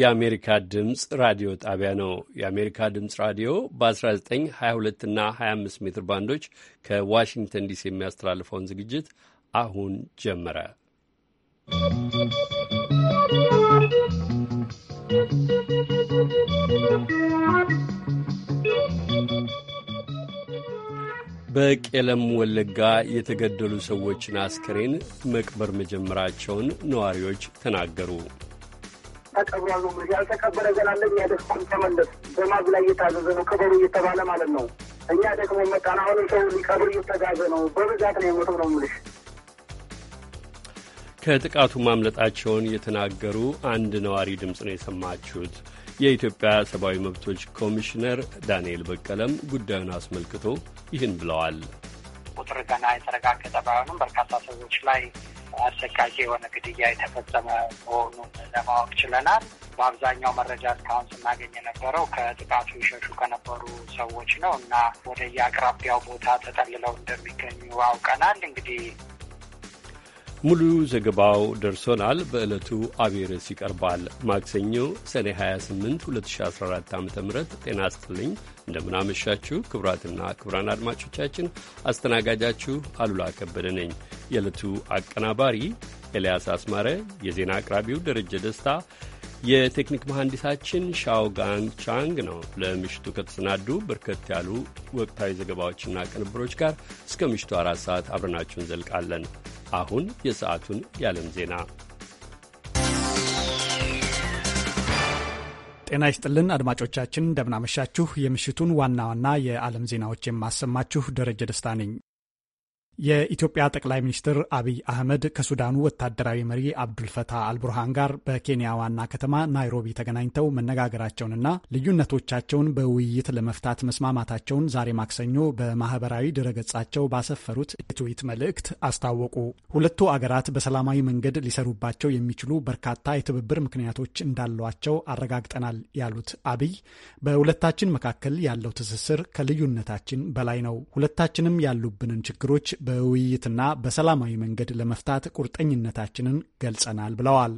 የአሜሪካ ድምፅ ራዲዮ ጣቢያ ነው። የአሜሪካ ድምፅ ራዲዮ በ1922 እና 25 ሜትር ባንዶች ከዋሽንግተን ዲሲ የሚያስተላልፈውን ዝግጅት አሁን ጀመረ። በቄለም ወለጋ የተገደሉ ሰዎችን አስከሬን መቅበር መጀመራቸውን ነዋሪዎች ተናገሩ። ተቀብሯል ነው ብሎ ያልተቀበረ ገና ለእኛ ደስኩም ተመለስ በማዝ ላይ እየታዘዘ ነው ክበሩ እየተባለ ማለት ነው። እኛ ደግሞ መጣን። አሁንም ሰው ሊቀብር እየተጋዘ ነው። በብዛት ነው የሞተው ነው ምልሽ ከጥቃቱ ማምለጣቸውን የተናገሩ አንድ ነዋሪ ድምፅ ነው የሰማችሁት። የኢትዮጵያ ሰብአዊ መብቶች ኮሚሽነር ዳንኤል በቀለም ጉዳዩን አስመልክቶ ይህን ብለዋል። ቁጥር ገና የተረጋገጠ ባይሆንም በርካታ ሰዎች ላይ አሰቃቂ የሆነ ግድያ የተፈጸመ መሆኑን ለማወቅ ችለናል። በአብዛኛው መረጃ እስካሁን ስናገኝ የነበረው ከጥቃቱ ይሸሹ ከነበሩ ሰዎች ነው እና ወደ የአቅራቢያው ቦታ ተጠልለው እንደሚገኙ አውቀናል። እንግዲህ ሙሉ ዘገባው ደርሶናል። በዕለቱ አብይ ይቀርባል። ማክሰኞ ሰኔ 28 2014 ዓ ም ጤና ስጥልኝ። እንደምናመሻችሁ ክቡራትና ክቡራን አድማጮቻችን አስተናጋጃችሁ አሉላ ከበደ ነኝ። የዕለቱ አቀናባሪ ኤልያስ አስማረ፣ የዜና አቅራቢው ደረጀ ደስታ፣ የቴክኒክ መሐንዲሳችን ሻውጋን ቻንግ ነው። ለምሽቱ ከተሰናዱ በርከት ያሉ ወቅታዊ ዘገባዎችና ቅንብሮች ጋር እስከ ምሽቱ አራት ሰዓት አብረናችሁ እንዘልቃለን። አሁን የሰዓቱን የዓለም ዜና። ጤና ይስጥልን አድማጮቻችን፣ እንደምናመሻችሁ። የምሽቱን ዋና ዋና የዓለም ዜናዎች የማሰማችሁ ደረጀ ደስታ ነኝ። የኢትዮጵያ ጠቅላይ ሚኒስትር አብይ አህመድ ከሱዳኑ ወታደራዊ መሪ አብዱልፈታህ አልቡርሃን ጋር በኬንያ ዋና ከተማ ናይሮቢ ተገናኝተው መነጋገራቸውንና ልዩነቶቻቸውን በውይይት ለመፍታት መስማማታቸውን ዛሬ ማክሰኞ በማህበራዊ ድረገጻቸው ባሰፈሩት የትዊት መልእክት አስታወቁ። ሁለቱ አገራት በሰላማዊ መንገድ ሊሰሩባቸው የሚችሉ በርካታ የትብብር ምክንያቶች እንዳሏቸው አረጋግጠናል ያሉት አብይ በሁለታችን መካከል ያለው ትስስር ከልዩነታችን በላይ ነው። ሁለታችንም ያሉብንን ችግሮች በውይይትና በሰላማዊ መንገድ ለመፍታት ቁርጠኝነታችንን ገልጸናል ብለዋል።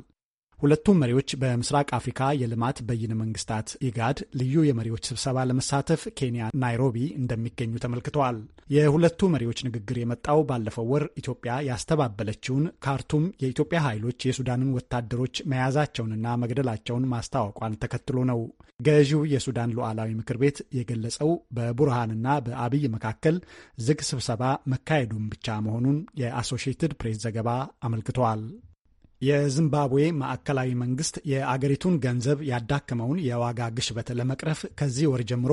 ሁለቱም መሪዎች በምስራቅ አፍሪካ የልማት በይነ መንግስታት ኢጋድ ልዩ የመሪዎች ስብሰባ ለመሳተፍ ኬንያ ናይሮቢ እንደሚገኙ ተመልክተዋል። የሁለቱ መሪዎች ንግግር የመጣው ባለፈው ወር ኢትዮጵያ ያስተባበለችውን ካርቱም የኢትዮጵያ ኃይሎች የሱዳንን ወታደሮች መያዛቸውንና መግደላቸውን ማስታወቋን ተከትሎ ነው። ገዢው የሱዳን ሉዓላዊ ምክር ቤት የገለጸው በቡርሃንና በአብይ መካከል ዝግ ስብሰባ መካሄዱን ብቻ መሆኑን የአሶሺየትድ ፕሬስ ዘገባ አመልክተዋል። የዚምባብዌ ማዕከላዊ መንግስት የአገሪቱን ገንዘብ ያዳከመውን የዋጋ ግሽበት ለመቅረፍ ከዚህ ወር ጀምሮ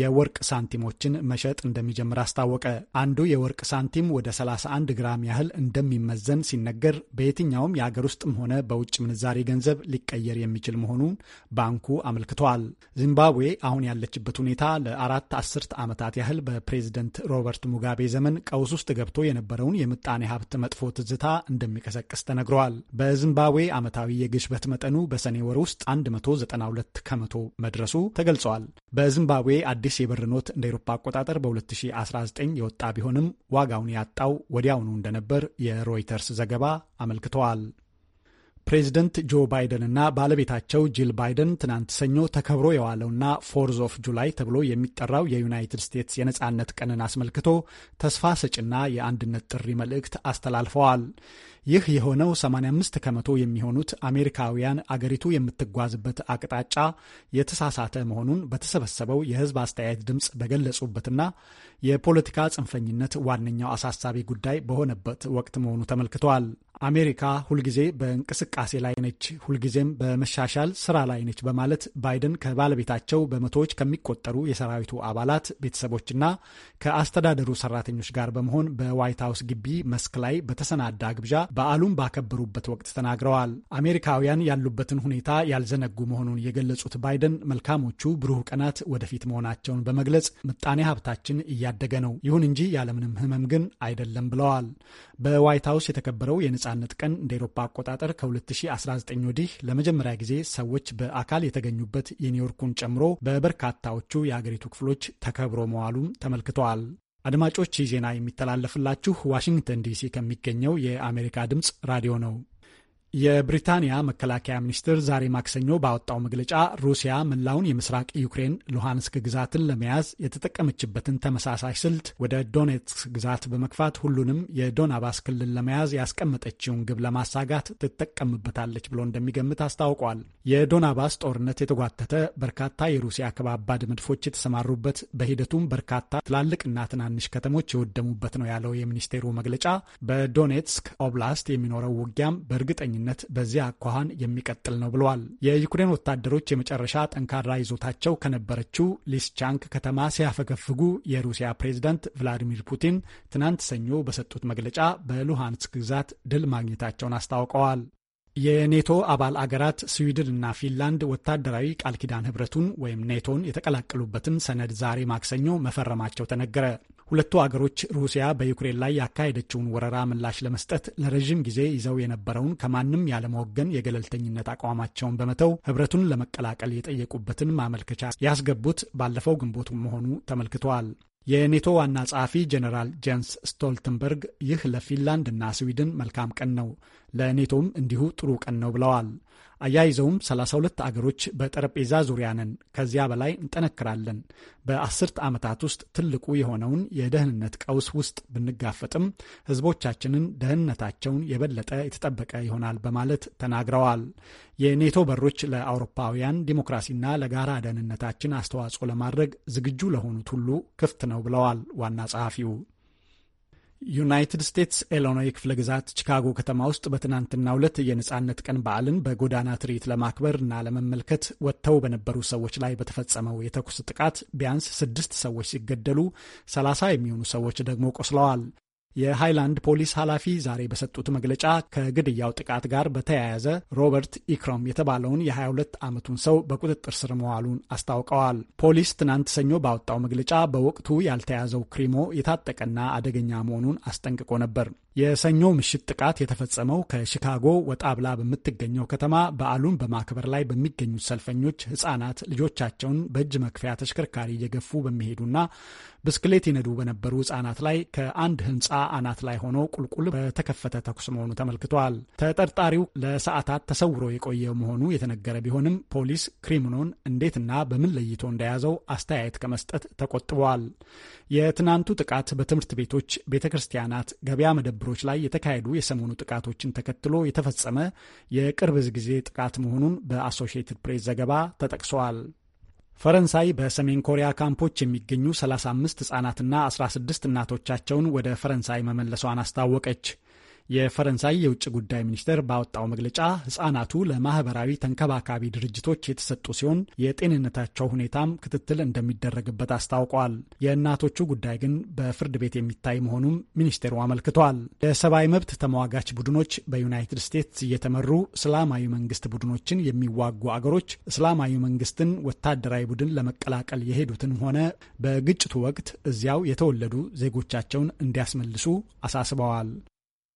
የወርቅ ሳንቲሞችን መሸጥ እንደሚጀምር አስታወቀ። አንዱ የወርቅ ሳንቲም ወደ 31 ግራም ያህል እንደሚመዘን ሲነገር በየትኛውም የአገር ውስጥም ሆነ በውጭ ምንዛሬ ገንዘብ ሊቀየር የሚችል መሆኑን ባንኩ አመልክቷል። ዚምባብዌ አሁን ያለችበት ሁኔታ ለአራት አስርት ዓመታት ያህል በፕሬዝደንት ሮበርት ሙጋቤ ዘመን ቀውስ ውስጥ ገብቶ የነበረውን የምጣኔ ሀብት መጥፎ ትዝታ እንደሚቀሰቅስ ተነግሯል። በዚምባብዌ ዓመታዊ የግሽበት መጠኑ በሰኔ ወር ውስጥ 192 ከመቶ መድረሱ ተገልጸዋል። በዚምባብዌ አዲስ የብር ኖት እንደ ኤሮፓ አቆጣጠር በ2019 የወጣ ቢሆንም ዋጋውን ያጣው ወዲያውኑ እንደነበር የሮይተርስ ዘገባ አመልክተዋል። ፕሬዚደንት ጆ ባይደንና ባለቤታቸው ጂል ባይደን ትናንት ሰኞ ተከብሮ የዋለውና ፎርዝ ኦፍ ጁላይ ተብሎ የሚጠራው የዩናይትድ ስቴትስ የነጻነት ቀንን አስመልክቶ ተስፋ ሰጭና የአንድነት ጥሪ መልእክት አስተላልፈዋል። ይህ የሆነው 85 ከመቶ የሚሆኑት አሜሪካውያን አገሪቱ የምትጓዝበት አቅጣጫ የተሳሳተ መሆኑን በተሰበሰበው የህዝብ አስተያየት ድምፅ በገለጹበትና የፖለቲካ ጽንፈኝነት ዋነኛው አሳሳቢ ጉዳይ በሆነበት ወቅት መሆኑ ተመልክተዋል። አሜሪካ ሁልጊዜ በእንቅስቃሴ ላይ ነች፣ ሁልጊዜም በመሻሻል ስራ ላይ ነች በማለት ባይደን ከባለቤታቸው በመቶዎች ከሚቆጠሩ የሰራዊቱ አባላት ቤተሰቦችና ከአስተዳደሩ ሰራተኞች ጋር በመሆን በዋይት ሀውስ ግቢ መስክ ላይ በተሰናዳ ግብዣ በዓሉን ባከበሩበት ወቅት ተናግረዋል። አሜሪካውያን ያሉበትን ሁኔታ ያልዘነጉ መሆኑን የገለጹት ባይደን መልካሞቹ ብሩህ ቀናት ወደፊት መሆናቸውን በመግለጽ ምጣኔ ሀብታችን እያደገ ነው፣ ይሁን እንጂ ያለምንም ህመም ግን አይደለም ብለዋል። በዋይት ሀውስ የተከበረው የነ ነጻነት ቀን እንደ ኤሮፓ አቆጣጠር ከ2019 ወዲህ ለመጀመሪያ ጊዜ ሰዎች በአካል የተገኙበት የኒውዮርኩን ጨምሮ በበርካታዎቹ የአገሪቱ ክፍሎች ተከብሮ መዋሉም ተመልክተዋል። አድማጮች ይህ ዜና የሚተላለፍላችሁ ዋሽንግተን ዲሲ ከሚገኘው የአሜሪካ ድምፅ ራዲዮ ነው። የብሪታንያ መከላከያ ሚኒስትር ዛሬ ማክሰኞ ባወጣው መግለጫ ሩሲያ መላውን የምስራቅ ዩክሬን ሉሃንስክ ግዛትን ለመያዝ የተጠቀመችበትን ተመሳሳይ ስልት ወደ ዶኔትስክ ግዛት በመግፋት ሁሉንም የዶናባስ ክልል ለመያዝ ያስቀመጠችውን ግብ ለማሳጋት ትጠቀምበታለች ብሎ እንደሚገምት አስታውቋል። የዶናባስ ጦርነት የተጓተተ በርካታ የሩሲያ ከባባድ መድፎች የተሰማሩበት፣ በሂደቱም በርካታ ትላልቅና ትናንሽ ከተሞች የወደሙበት ነው ያለው የሚኒስቴሩ መግለጫ በዶኔትስክ ኦብላስት የሚኖረው ውጊያም በእርግጠኛ ግንኙነት በዚያ አኳኋን የሚቀጥል ነው ብለዋል። የዩክሬን ወታደሮች የመጨረሻ ጠንካራ ይዞታቸው ከነበረችው ሊስቻንክ ከተማ ሲያፈገፍጉ የሩሲያ ፕሬዝዳንት ቭላዲሚር ፑቲን ትናንት ሰኞ በሰጡት መግለጫ በሉሃንስክ ግዛት ድል ማግኘታቸውን አስታውቀዋል። የኔቶ አባል አገራት ስዊድን እና ፊንላንድ ወታደራዊ ቃል ኪዳን ህብረቱን ወይም ኔቶን የተቀላቀሉበትን ሰነድ ዛሬ ማክሰኞ መፈረማቸው ተነገረ። ሁለቱ አገሮች ሩሲያ በዩክሬን ላይ ያካሄደችውን ወረራ ምላሽ ለመስጠት ለረዥም ጊዜ ይዘው የነበረውን ከማንም ያለመወገን የገለልተኝነት አቋማቸውን በመተው ህብረቱን ለመቀላቀል የጠየቁበትን ማመልከቻ ያስገቡት ባለፈው ግንቦት መሆኑ ተመልክተዋል። የኔቶ ዋና ጸሐፊ ጀኔራል ጄንስ ስቶልተንበርግ ይህ ለፊንላንድ እና ስዊድን መልካም ቀን ነው፣ ለኔቶም እንዲሁ ጥሩ ቀን ነው ብለዋል። አያይዘውም 32 አገሮች በጠረጴዛ ዙሪያ ነን፣ ከዚያ በላይ እንጠነክራለን። በአስርት ዓመታት ውስጥ ትልቁ የሆነውን የደህንነት ቀውስ ውስጥ ብንጋፈጥም ህዝቦቻችንን ደህንነታቸውን የበለጠ የተጠበቀ ይሆናል በማለት ተናግረዋል። የኔቶ በሮች ለአውሮፓውያን ዲሞክራሲና ለጋራ ደህንነታችን አስተዋጽኦ ለማድረግ ዝግጁ ለሆኑት ሁሉ ክፍት ነው ብለዋል ዋና ጸሐፊው። ዩናይትድ ስቴትስ ኤሎኖይ ክፍለ ግዛት ቺካጎ ከተማ ውስጥ በትናንትናው ዕለት የነጻነት ቀን በዓልን በጎዳና ትርኢት ለማክበር እና ለመመልከት ወጥተው በነበሩ ሰዎች ላይ በተፈጸመው የተኩስ ጥቃት ቢያንስ ስድስት ሰዎች ሲገደሉ ሰላሳ የሚሆኑ ሰዎች ደግሞ ቆስለዋል። የሃይላንድ ፖሊስ ኃላፊ ዛሬ በሰጡት መግለጫ ከግድያው ጥቃት ጋር በተያያዘ ሮበርት ኢክሮም የተባለውን የ22 ዓመቱን ሰው በቁጥጥር ስር መዋሉን አስታውቀዋል። ፖሊስ ትናንት ሰኞ ባወጣው መግለጫ በወቅቱ ያልተያዘው ክሪሞ የታጠቀና አደገኛ መሆኑን አስጠንቅቆ ነበር። የሰኞ ምሽት ጥቃት የተፈጸመው ከሺካጎ ወጣ ብላ በምትገኘው ከተማ በዓሉን በማክበር ላይ በሚገኙት ሰልፈኞች ህጻናት ልጆቻቸውን በእጅ መክፈያ ተሽከርካሪ እየገፉ በሚሄዱና ብስክሌት ይነዱ በነበሩ ህጻናት ላይ ከአንድ ህንፃ አናት ላይ ሆኖ ቁልቁል በተከፈተ ተኩስ መሆኑ ተመልክቷል። ተጠርጣሪው ለሰዓታት ተሰውሮ የቆየ መሆኑ የተነገረ ቢሆንም ፖሊስ ክሪምኖን እንዴትና በምን ለይቶ እንደያዘው አስተያየት ከመስጠት ተቆጥበዋል። የትናንቱ ጥቃት በትምህርት ቤቶች፣ ቤተ ክርስቲያናት፣ ገበያ መደብ መስተጋብሮች ላይ የተካሄዱ የሰሞኑ ጥቃቶችን ተከትሎ የተፈጸመ የቅርብ ጊዜ ጥቃት መሆኑን በአሶሺየትድ ፕሬስ ዘገባ ተጠቅሰዋል። ፈረንሳይ በሰሜን ኮሪያ ካምፖች የሚገኙ 35 ህጻናትና 16 እናቶቻቸውን ወደ ፈረንሳይ መመለሷን አስታወቀች። የፈረንሳይ የውጭ ጉዳይ ሚኒስቴር ባወጣው መግለጫ ህጻናቱ ለማህበራዊ ተንከባካቢ ድርጅቶች የተሰጡ ሲሆን የጤንነታቸው ሁኔታም ክትትል እንደሚደረግበት አስታውቋል። የእናቶቹ ጉዳይ ግን በፍርድ ቤት የሚታይ መሆኑም ሚኒስቴሩ አመልክቷል። የሰብአዊ መብት ተሟጋች ቡድኖች በዩናይትድ ስቴትስ እየተመሩ እስላማዊ መንግስት ቡድኖችን የሚዋጉ አገሮች እስላማዊ መንግስትን ወታደራዊ ቡድን ለመቀላቀል የሄዱትን ሆነ በግጭቱ ወቅት እዚያው የተወለዱ ዜጎቻቸውን እንዲያስመልሱ አሳስበዋል።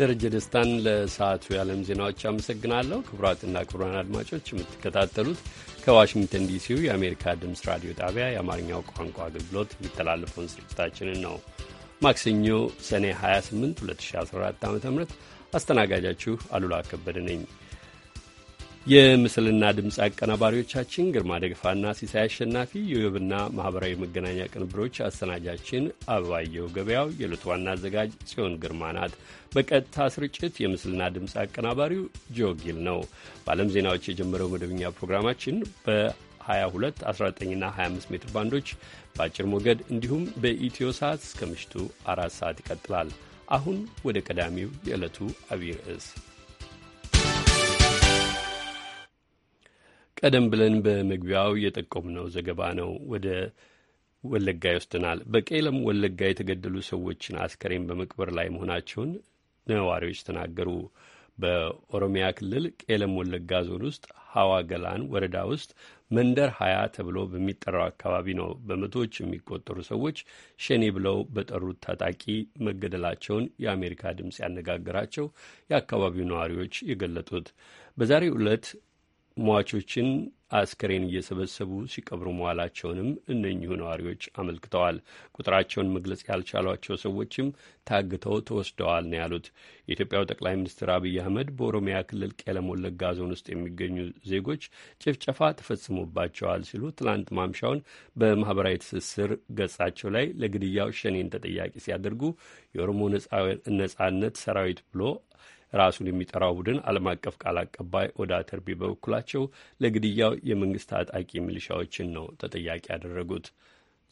ደረጀ ደስታን ለሰዓቱ የዓለም ዜናዎች አመሰግናለሁ። ክቡራትና ክቡራን አድማጮች የምትከታተሉት ከዋሽንግተን ዲሲው የአሜሪካ ድምፅ ራዲዮ ጣቢያ የአማርኛው ቋንቋ አገልግሎት የሚተላለፈውን ስርጭታችንን ነው። ማክሰኞ ሰኔ 28 2014 ዓ ም አስተናጋጃችሁ አሉላ ከበደ ነኝ። የምስልና ድምፅ አቀናባሪዎቻችን ግርማ ደግፋና ሲሳይ አሸናፊ፣ የዌብና ማኅበራዊ መገናኛ ቅንብሮች አሰናጃችን አበባየው ገበያው፣ የዕለቱ ዋና አዘጋጅ ጽዮን ግርማ ናት። በቀጥታ ስርጭት የምስልና ድምፅ አቀናባሪው ጆጊል ነው። በዓለም ዜናዎች የጀመረው መደበኛ ፕሮግራማችን በ22፣ 19ና 25 ሜትር ባንዶች በአጭር ሞገድ እንዲሁም በኢትዮ ሰዓት እስከ ምሽቱ አራት ሰዓት ይቀጥላል። አሁን ወደ ቀዳሚው የዕለቱ አብይ ርዕስ ቀደም ብለን በመግቢያው የጠቆምነው ዘገባ ነው ወደ ወለጋ ይወስደናል። በቄለም ወለጋ የተገደሉ ሰዎችን አስከሬን በመቅበር ላይ መሆናቸውን ነዋሪዎች ተናገሩ። በኦሮሚያ ክልል ቄለም ወለጋ ዞን ውስጥ ሀዋ ገላን ወረዳ ውስጥ መንደር ሀያ ተብሎ በሚጠራው አካባቢ ነው በመቶዎች የሚቆጠሩ ሰዎች ሸኔ ብለው በጠሩት ታጣቂ መገደላቸውን የአሜሪካ ድምፅ ያነጋገራቸው የአካባቢው ነዋሪዎች የገለጡት። በዛሬው ዕለት ሟቾችን አስከሬን እየሰበሰቡ ሲቀብሩ መዋላቸውንም እነኚሁ ነዋሪዎች አመልክተዋል። ቁጥራቸውን መግለጽ ያልቻሏቸው ሰዎችም ታግተው ተወስደዋል ነው ያሉት። የኢትዮጵያው ጠቅላይ ሚኒስትር አብይ አህመድ በኦሮሚያ ክልል ቄለም ወለጋ ዞን ውስጥ የሚገኙ ዜጎች ጭፍጨፋ ተፈጽሞባቸዋል ሲሉ ትላንት ማምሻውን በማህበራዊ ትስስር ገጻቸው ላይ ለግድያው ሸኔን ተጠያቂ ሲያደርጉ የኦሮሞ ነጻነት ሰራዊት ብሎ ራሱን የሚጠራው ቡድን ዓለም አቀፍ ቃል አቀባይ ኦዳ ተርቢ በበኩላቸው ለግድያው የመንግስት ታጣቂ ሚሊሻዎችን ነው ተጠያቂ ያደረጉት።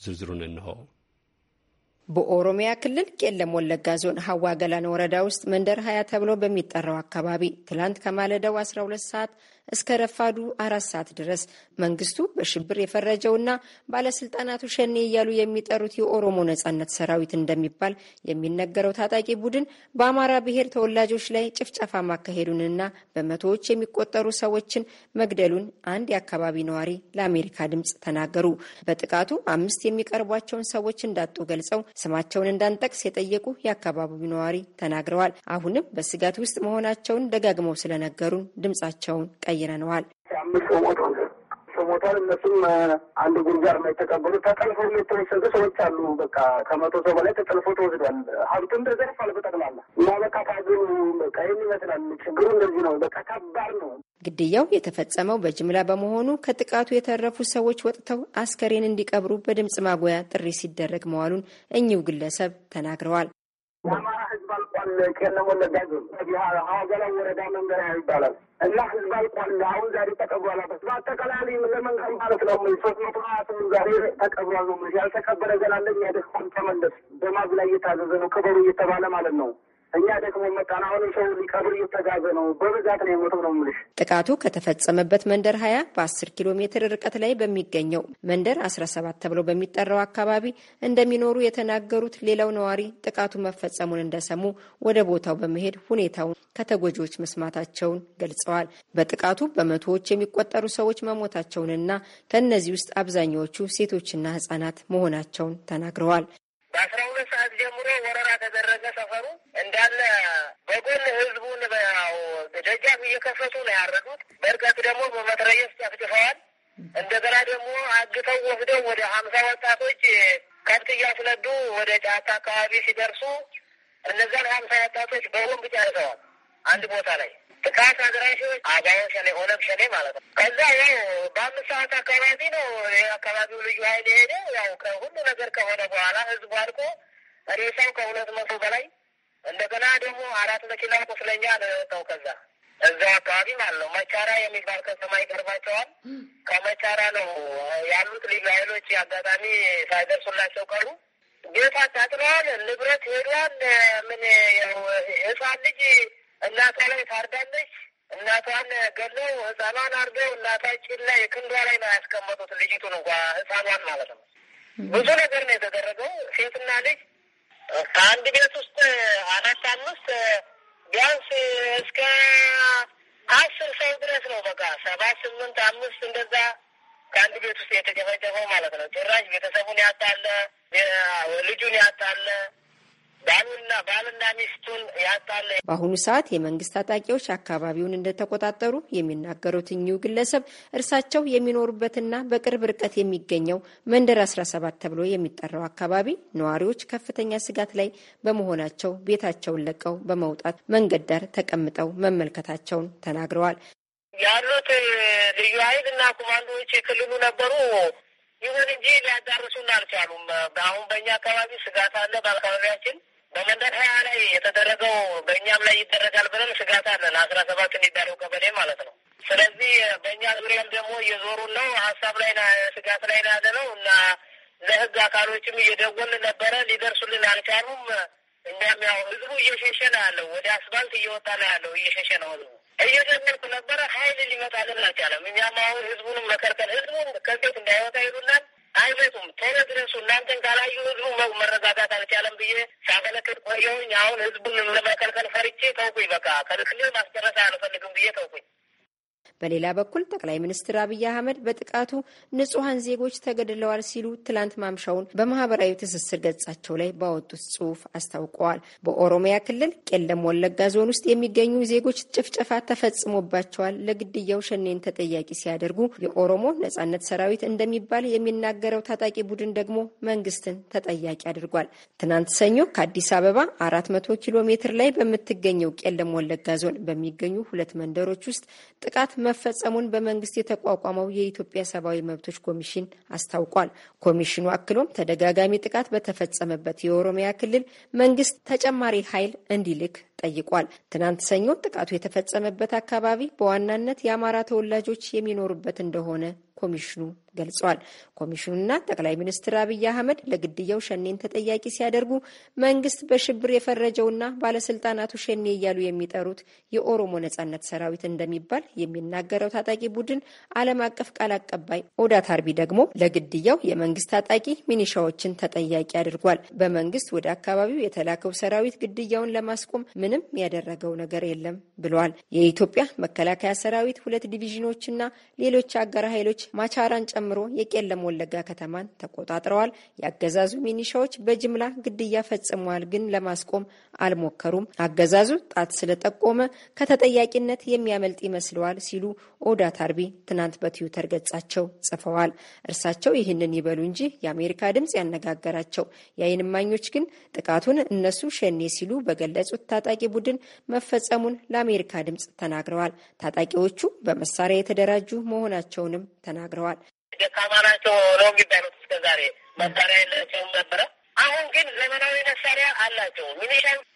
ዝርዝሩን እንሆ። በኦሮሚያ ክልል ቄለም ወለጋ ዞን ሀዋ ገላን ወረዳ ውስጥ መንደር ሀያ ተብሎ በሚጠራው አካባቢ ትላንት ከማለዳው 12 ሰዓት እስከ ረፋዱ አራት ሰዓት ድረስ መንግስቱ በሽብር የፈረጀውና ባለስልጣናቱ ሸኔ እያሉ የሚጠሩት የኦሮሞ ነጻነት ሰራዊት እንደሚባል የሚነገረው ታጣቂ ቡድን በአማራ ብሔር ተወላጆች ላይ ጭፍጨፋ ማካሄዱንና በመቶዎች የሚቆጠሩ ሰዎችን መግደሉን አንድ የአካባቢ ነዋሪ ለአሜሪካ ድምጽ ተናገሩ። በጥቃቱ አምስት የሚቀርቧቸውን ሰዎች እንዳጡ ገልጸው ስማቸውን እንዳንጠቅስ የጠየቁ የአካባቢው ነዋሪ ተናግረዋል። አሁንም በስጋት ውስጥ መሆናቸውን ደጋግመው ስለነገሩን ድምጻቸውን ቀ ቀይረነዋል። አምስት ሰው ሞቷል ሰው ሞቷል። እነሱም አንድ ጉርጋር ነው የተቀበሉ። ተጠልፎ የተወሰዱ ሰዎች አሉ። በቃ ከመቶ ሰው በላይ ተጠልፎ ተወስዷል። ሀብቱም ተዘርፏል በጠቅላላ እና በቃ ታገሩ በቃ ይህን ይመስላል። ችግሩ እንደዚህ ነው። በቃ ከባድ ነው። ግድያው የተፈጸመው በጅምላ በመሆኑ ከጥቃቱ የተረፉ ሰዎች ወጥተው አስከሬን እንዲቀብሩ በድምፅ ማጉያ ጥሪ ሲደረግ መዋሉን እኚው ግለሰብ ተናግረዋል። የአማራ ቄለም ወለጋ ሀገላ ወረዳ መመሪያ ይባላል እና ህዝባዊ ቋንዳ አሁን ዛሬ ተቀብሯል። በአጠቃላይ ለመንገር ማለት ነው ሶስት መቶ ሀያ ስምንት ዛሬ ተቀብሯል ነው ያልተቀበለ ገላለ የሚያደስ ተመለስ በማዝ ላይ እየታዘዘ ነው ክበሩ እየተባለ ማለት ነው እኛ ደግሞ መጣን። አሁንም ሰው ሊቀብር እየተጋዘ ነው። በብዛት ነው የሞተው ነው የምልሽ። ጥቃቱ ከተፈጸመበት መንደር ሀያ በአስር ኪሎ ሜትር ርቀት ላይ በሚገኘው መንደር አስራ ሰባት ተብሎ በሚጠራው አካባቢ እንደሚኖሩ የተናገሩት ሌላው ነዋሪ ጥቃቱ መፈጸሙን እንደሰሙ ወደ ቦታው በመሄድ ሁኔታውን ከተጎጂዎች መስማታቸውን ገልጸዋል። በጥቃቱ በመቶዎች የሚቆጠሩ ሰዎች መሞታቸውንና ከእነዚህ ውስጥ አብዛኛዎቹ ሴቶችና ሕጻናት መሆናቸውን ተናግረዋል። በአስራ ሁለት ሰዓት ጀምሮ ወረራ እየከፈቱ ነው ያረዱት። በእርቀት ደግሞ በመትረየስ ጨፍጭፈዋል። እንደገና ደግሞ አግተው ወስደው ወደ ሀምሳ ወጣቶች ከብት እያስነዱ ወደ ጫካ አካባቢ ሲደርሱ እነዛን ሀምሳ ወጣቶች በቦምብ ጨርሰዋል። አንድ ቦታ ላይ ጥቃት አድራሾች አባዮ ሸኔ፣ ኦነግ ሸኔ ማለት ነው። ከዛ ያው በአምስት ሰዓት አካባቢ ነው የአካባቢው ልዩ ኃይል የሄደ ያው ከሁሉ ነገር ከሆነ በኋላ ህዝቡ አድቆ ሬሳው ከሁለት መቶ በላይ እንደገና ደግሞ አራት መኪና ቁስለኛ ነው የወጣው ከዛ እዛ አካባቢ አለው መቻራ የሚባል ከተማ ይቀርባቸዋል። ከመቻራ ነው ያሉት ልዩ ኃይሎች አጋጣሚ ሳይደርሱላቸው ቀሩ። ቤት አቃጥለዋል። ንብረት ሄዷል። ምን ህፃን ልጅ እናቷ ላይ ታርዳለች። እናቷን ገለው ህፃኗን አርገው እናታችን ላይ ክንዷ ላይ ነው ያስቀመጡት። ልጅቱን እንኳ ህፃኗን ማለት ነው። ብዙ ነገር ነው የተደረገው። ሴትና ልጅ ከአንድ ቤት ውስጥ አራት አምስት ቢያንስ እስከ አስር ሰው ድረስ ነው። በቃ ሰባት ስምንት አምስት እንደዛ ከአንድ ቤት ውስጥ የተጨፈጨፈው ማለት ነው። ጭራሽ ቤተሰቡን ያጣለ ልጁን ያጣለ ባሉና ባልና ሚስቱን ያጣለ በአሁኑ ሰዓት የመንግስት ታጣቂዎች አካባቢውን እንደተቆጣጠሩ የሚናገሩት እኚሁ ግለሰብ እርሳቸው የሚኖሩበትና በቅርብ ርቀት የሚገኘው መንደር 17 ተብሎ የሚጠራው አካባቢ ነዋሪዎች ከፍተኛ ስጋት ላይ በመሆናቸው ቤታቸውን ለቀው በመውጣት መንገድ ዳር ተቀምጠው መመልከታቸውን ተናግረዋል። ያሉት ልዩ ኃይል እና ኮማንዶዎች የክልሉ ነበሩ። ይሁን እንጂ ሊያዳርሱን አልቻሉም። አሁን በእኛ አካባቢ ስጋት አለ በአካባቢያችን በመንደር ሀያ ላይ የተደረገው በእኛም ላይ ይደረጋል ብለን ስጋት አለን። አስራ ሰባት የሚባለው ቀበሌ ማለት ነው። ስለዚህ በእኛ ዙሪያም ደግሞ እየዞሩ ነው። ሀሳብ ላይ ስጋት ላይ ያለ ነው እና ለህግ አካሎችም እየደወልን ነበረ፣ ሊደርሱልን አልቻሉም። እኛም ያው ህዝቡ እየሸሸ ነው ያለው፣ ወደ አስፋልት እየወጣ ነው ያለው፣ እየሸሸ ነው ህዝቡ። እየደመልኩ ነበረ፣ ሀይል ሊመጣልን አልቻለም። እኛም አሁን ህዝቡንም መከልከል ህዝቡን ከቤት እንዳይወጣ ይሉናል አይመጡም። ተነግረሱ እናንተን ካላዩ ህዝቡ መረጋጋት አልቻለም ብዬ ሳመለክት ቆየሁኝ። አሁን ህዝቡን ለመከልከል ፈርቼ ተውኩኝ። በቃ ከልክል ማስጨረሻ አልፈልግም ብዬ ተውኩኝ። በሌላ በኩል ጠቅላይ ሚኒስትር አብይ አህመድ በጥቃቱ ንጹሐን ዜጎች ተገድለዋል ሲሉ ትላንት ማምሻውን በማህበራዊ ትስስር ገጻቸው ላይ ባወጡት ጽሑፍ አስታውቀዋል። በኦሮሚያ ክልል ቄለም ወለጋ ዞን ውስጥ የሚገኙ ዜጎች ጭፍጨፋ ተፈጽሞባቸዋል፣ ለግድያው ሸኔን ተጠያቂ ሲያደርጉ የኦሮሞ ነጻነት ሰራዊት እንደሚባል የሚናገረው ታጣቂ ቡድን ደግሞ መንግስትን ተጠያቂ አድርጓል። ትናንት ሰኞ ከአዲስ አበባ 400 ኪሎ ሜትር ላይ በምትገኘው ቄለም ወለጋ ዞን በሚገኙ ሁለት መንደሮች ውስጥ ጥቃት መፈጸሙን በመንግስት የተቋቋመው የኢትዮጵያ ሰብአዊ መብቶች ኮሚሽን አስታውቋል። ኮሚሽኑ አክሎም ተደጋጋሚ ጥቃት በተፈጸመበት የኦሮሚያ ክልል መንግስት ተጨማሪ ኃይል እንዲልክ ጠይቋል። ትናንት ሰኞ ጥቃቱ የተፈጸመበት አካባቢ በዋናነት የአማራ ተወላጆች የሚኖሩበት እንደሆነ ኮሚሽኑ ገልጿል። ኮሚሽኑና ጠቅላይ ሚኒስትር አብይ አህመድ ለግድያው ሸኔን ተጠያቂ ሲያደርጉ መንግስት በሽብር የፈረጀውና ባለስልጣናቱ ሸኔ እያሉ የሚጠሩት የኦሮሞ ነጻነት ሰራዊት እንደሚባል የሚናገረው ታጣቂ ቡድን ዓለም አቀፍ ቃል አቀባይ ኦዳ ታርቢ ደግሞ ለግድያው የመንግስት ታጣቂ ሚኒሻዎችን ተጠያቂ አድርጓል። በመንግስት ወደ አካባቢው የተላከው ሰራዊት ግድያውን ለማስቆም ምንም ያደረገው ነገር የለም ብሏል። የኢትዮጵያ መከላከያ ሰራዊት ሁለት ዲቪዥኖችና ሌሎች አጋር ኃይሎች ማቻራን ጨምሮ የቄለም ወለጋ ከተማን ተቆጣጥረዋል። የአገዛዙ ሚኒሻዎች በጅምላ ግድያ ፈጽመዋል፣ ግን ለማስቆም አልሞከሩም። አገዛዙ ጣት ስለጠቆመ ከተጠያቂነት የሚያመልጥ ይመስለዋል ሲሉ ኦዳ ታርቢ ትናንት በትዊተር ገጻቸው ጽፈዋል። እርሳቸው ይህንን ይበሉ እንጂ የአሜሪካ ድምጽ ያነጋገራቸው የአይን እማኞች ግን ጥቃቱን እነሱ ሸኔ ሲሉ በገለጹት ታጣ ታጣቂ ቡድን መፈጸሙን ለአሜሪካ ድምፅ ተናግረዋል። ታጣቂዎቹ በመሳሪያ የተደራጁ መሆናቸውንም ተናግረዋል። ደካማ ናቸው ነው እስከዛሬ መሳሪያ የላቸውም ነበረ። አሁን ግን ዘመናዊ መሳሪያ አላቸው።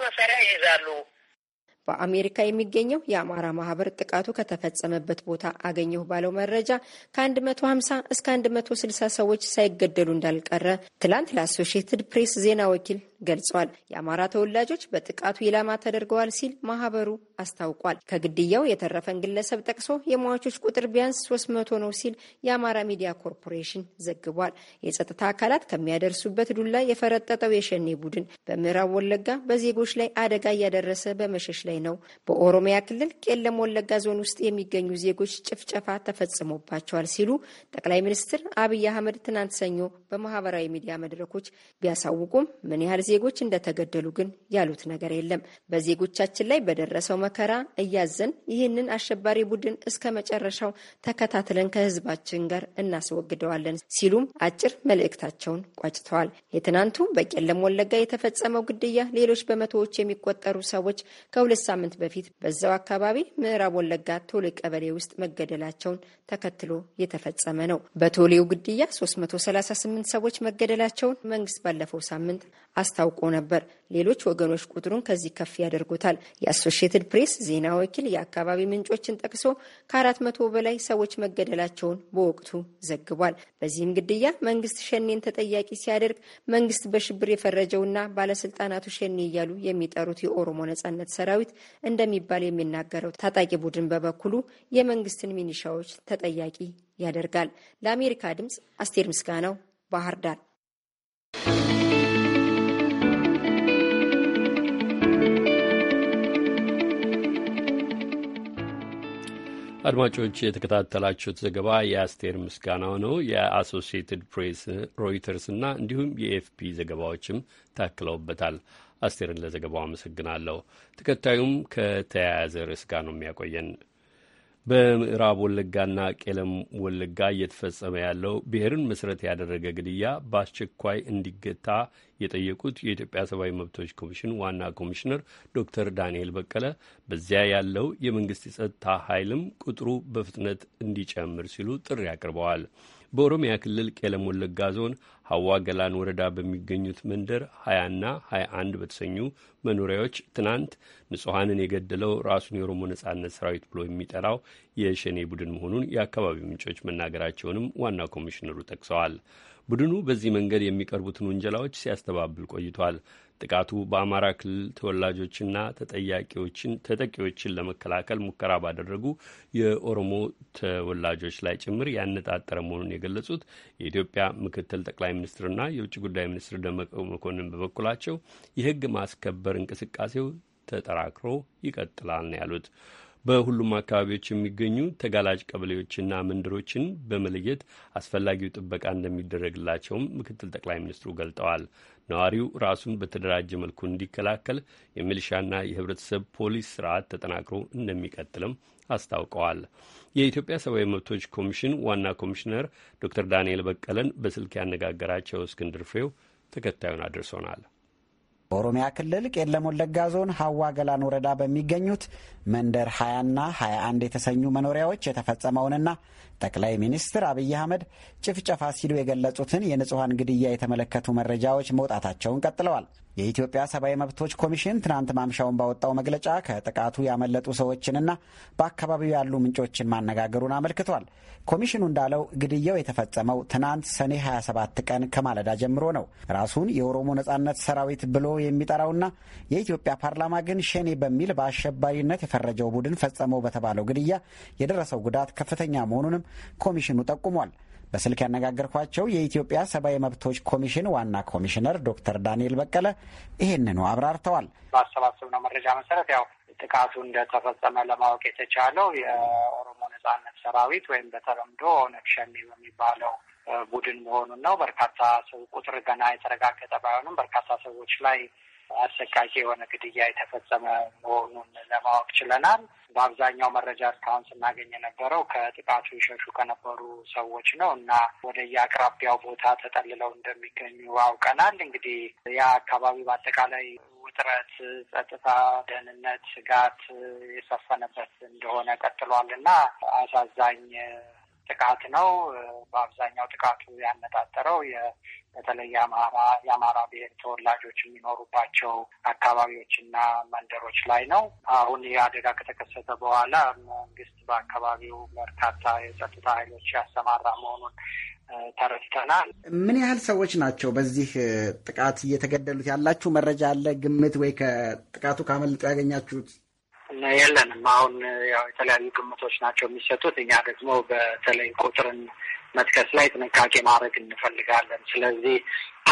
መሳሪያ ይይዛሉ። በአሜሪካ የሚገኘው የአማራ ማህበር ጥቃቱ ከተፈጸመበት ቦታ አገኘሁ ባለው መረጃ ከ150 እስከ 160 ሰዎች ሳይገደሉ እንዳልቀረ ትላንት ለአሶሽትድ ፕሬስ ዜና ወኪል ገልጿል። የአማራ ተወላጆች በጥቃቱ ኢላማ ተደርገዋል ሲል ማህበሩ አስታውቋል። ከግድያው የተረፈን ግለሰብ ጠቅሶ የሟቾች ቁጥር ቢያንስ 300 ነው ሲል የአማራ ሚዲያ ኮርፖሬሽን ዘግቧል። የጸጥታ አካላት ከሚያደርሱበት ዱላ የፈረጠጠው የሸኔ ቡድን በምዕራብ ወለጋ በዜጎች ላይ አደጋ እያደረሰ በመሸሽ ላይ ነው። በኦሮሚያ ክልል ቄለም ወለጋ ዞን ውስጥ የሚገኙ ዜጎች ጭፍጨፋ ተፈጽሞባቸዋል ሲሉ ጠቅላይ ሚኒስትር አብይ አህመድ ትናንት ሰኞ በማህበራዊ ሚዲያ መድረኮች ቢያሳውቁም ምን ያህል ዜጎች እንደተገደሉ ግን ያሉት ነገር የለም። በዜጎቻችን ላይ በደረሰው መከራ እያዘን ይህንን አሸባሪ ቡድን እስከ መጨረሻው ተከታትለን ከህዝባችን ጋር እናስወግደዋለን ሲሉም አጭር መልእክታቸውን ቋጭተዋል። የትናንቱ በቄለም ወለጋ የተፈጸመው ግድያ ሌሎች በመቶዎች የሚቆጠሩ ሰዎች ከሁለት ሳምንት በፊት በዛው አካባቢ ምዕራብ ወለጋ ቶሌ ቀበሌ ውስጥ መገደላቸውን ተከትሎ የተፈጸመ ነው። በቶሌው ግድያ 338 ሰዎች መገደላቸውን መንግስት ባለፈው ሳምንት አስ አስታውቆ ነበር። ሌሎች ወገኖች ቁጥሩን ከዚህ ከፍ ያደርጉታል። የአሶሺየትድ ፕሬስ ዜና ወኪል የአካባቢ ምንጮችን ጠቅሶ ከአራት መቶ በላይ ሰዎች መገደላቸውን በወቅቱ ዘግቧል። በዚህም ግድያ መንግስት ሸኔን ተጠያቂ ሲያደርግ መንግስት በሽብር የፈረጀውና ባለስልጣናቱ ሸኔ እያሉ የሚጠሩት የኦሮሞ ነጻነት ሰራዊት እንደሚባል የሚናገረው ታጣቂ ቡድን በበኩሉ የመንግስትን ሚኒሻዎች ተጠያቂ ያደርጋል። ለአሜሪካ ድምፅ አስቴር ምስጋናው ባህር ዳር አድማጮች የተከታተላችሁት ዘገባ የአስቴር ምስጋናው ነው። የአሶሲየትድ ፕሬስ፣ ሮይተርስ እና እንዲሁም የኤፍፒ ዘገባዎችም ታክለውበታል። አስቴርን ለዘገባው አመሰግናለሁ። ተከታዩም ከተያያዘ ርዕስ ጋር ነው የሚያቆየን። በምዕራብ ወለጋና ቄለም ወለጋ እየተፈጸመ ያለው ብሔርን መሰረት ያደረገ ግድያ በአስቸኳይ እንዲገታ የጠየቁት የኢትዮጵያ ሰብአዊ መብቶች ኮሚሽን ዋና ኮሚሽነር ዶክተር ዳንኤል በቀለ በዚያ ያለው የመንግስት የጸጥታ ኃይልም ቁጥሩ በፍጥነት እንዲጨምር ሲሉ ጥሪ አቅርበዋል። በኦሮሚያ ክልል ቄለም ወለጋ ዞን ሀዋ ገላን ወረዳ በሚገኙት መንደር ሀያና ሀያ አንድ በተሰኙ መኖሪያዎች ትናንት ንጹሐንን የገደለው ራሱን የኦሮሞ ነጻነት ሰራዊት ብሎ የሚጠራው የሸኔ ቡድን መሆኑን የአካባቢው ምንጮች መናገራቸውንም ዋና ኮሚሽነሩ ጠቅሰዋል። ቡድኑ በዚህ መንገድ የሚቀርቡትን ውንጀላዎች ሲያስተባብል ቆይቷል። ጥቃቱ በአማራ ክልል ተወላጆችና ተጠያቂዎችን ተጠቂዎችን ለመከላከል ሙከራ ባደረጉ የኦሮሞ ተወላጆች ላይ ጭምር ያነጣጠረ መሆኑን የገለጹት የኢትዮጵያ ምክትል ጠቅላይ ሚኒስትርና የውጭ ጉዳይ ሚኒስትር ደመቀ መኮንን በበኩላቸው የሕግ ማስከበር እንቅስቃሴው ተጠራክሮ ይቀጥላል ነው ያሉት። በሁሉም አካባቢዎች የሚገኙ ተጋላጭ ቀበሌዎችና መንደሮችን በመለየት አስፈላጊው ጥበቃ እንደሚደረግላቸውም ምክትል ጠቅላይ ሚኒስትሩ ገልጠዋል። ነዋሪው ራሱን በተደራጀ መልኩ እንዲከላከል የሚሊሻና የህብረተሰብ ፖሊስ ስርዓት ተጠናክሮ እንደሚቀጥልም አስታውቀዋል። የኢትዮጵያ ሰብአዊ መብቶች ኮሚሽን ዋና ኮሚሽነር ዶክተር ዳንኤል በቀለን በስልክ ያነጋገራቸው እስክንድር ፍሬው ተከታዩን አድርሶናል። በኦሮሚያ ክልል ቄለም ወለጋ ዞን ሀዋ ገላን ወረዳ በሚገኙት መንደር 20ና 21 የተሰኙ መኖሪያዎች የተፈጸመውንና ጠቅላይ ሚኒስትር አብይ አህመድ ጭፍጨፋ ሲሉ የገለጹትን የንጹሐን ግድያ የተመለከቱ መረጃዎች መውጣታቸውን ቀጥለዋል። የኢትዮጵያ ሰብአዊ መብቶች ኮሚሽን ትናንት ማምሻውን ባወጣው መግለጫ ከጥቃቱ ያመለጡ ሰዎችንና በአካባቢው ያሉ ምንጮችን ማነጋገሩን አመልክቷል። ኮሚሽኑ እንዳለው ግድያው የተፈጸመው ትናንት ሰኔ 27 ቀን ከማለዳ ጀምሮ ነው። ራሱን የኦሮሞ ነጻነት ሰራዊት ብሎ የሚጠራውና የኢትዮጵያ ፓርላማ ግን ሸኔ በሚል በአሸባሪነት የፈረጀው ቡድን ፈጸመው በተባለው ግድያ የደረሰው ጉዳት ከፍተኛ መሆኑንም ኮሚሽኑ ጠቁሟል። በስልክ ያነጋገርኳቸው የኢትዮጵያ ሰብአዊ መብቶች ኮሚሽን ዋና ኮሚሽነር ዶክተር ዳንኤል በቀለ ይህንኑ አብራርተዋል። ባሰባሰብነው መረጃ መሰረት ያው ጥቃቱ እንደተፈጸመ ለማወቅ የተቻለው የኦሮሞ ነጻነት ሰራዊት ወይም በተለምዶ ኦነግ ሸኔ በሚባለው ቡድን መሆኑን ነው። በርካታ ሰው ቁጥር ገና የተረጋገጠ ባይሆንም በርካታ ሰዎች ላይ አሰቃቂ የሆነ ግድያ የተፈጸመ መሆኑን ለማወቅ ችለናል። በአብዛኛው መረጃ እስካሁን ስናገኝ የነበረው ከጥቃቱ ይሸሹ ከነበሩ ሰዎች ነው እና ወደ የአቅራቢያው ቦታ ተጠልለው እንደሚገኙ አውቀናል። እንግዲህ ያ አካባቢ በአጠቃላይ ውጥረት፣ ጸጥታ፣ ደህንነት ስጋት የሰፈነበት እንደሆነ ቀጥሏል እና አሳዛኝ ጥቃት ነው። በአብዛኛው ጥቃቱ ያነጣጠረው በተለይ የአማራ የአማራ ብሔር ተወላጆች የሚኖሩባቸው አካባቢዎች እና መንደሮች ላይ ነው። አሁን ይህ አደጋ ከተከሰተ በኋላ መንግስት በአካባቢው በርካታ የጸጥታ ኃይሎች ያሰማራ መሆኑን ተረድተናል። ምን ያህል ሰዎች ናቸው በዚህ ጥቃት እየተገደሉት ያላችሁ መረጃ አለ? ግምት ወይ ከጥቃቱ ካመልጦ ያገኛችሁት? የለንም። አሁን ያው የተለያዩ ግምቶች ናቸው የሚሰጡት። እኛ ደግሞ በተለይ ቁጥርን መጥቀስ ላይ ጥንቃቄ ማድረግ እንፈልጋለን። ስለዚህ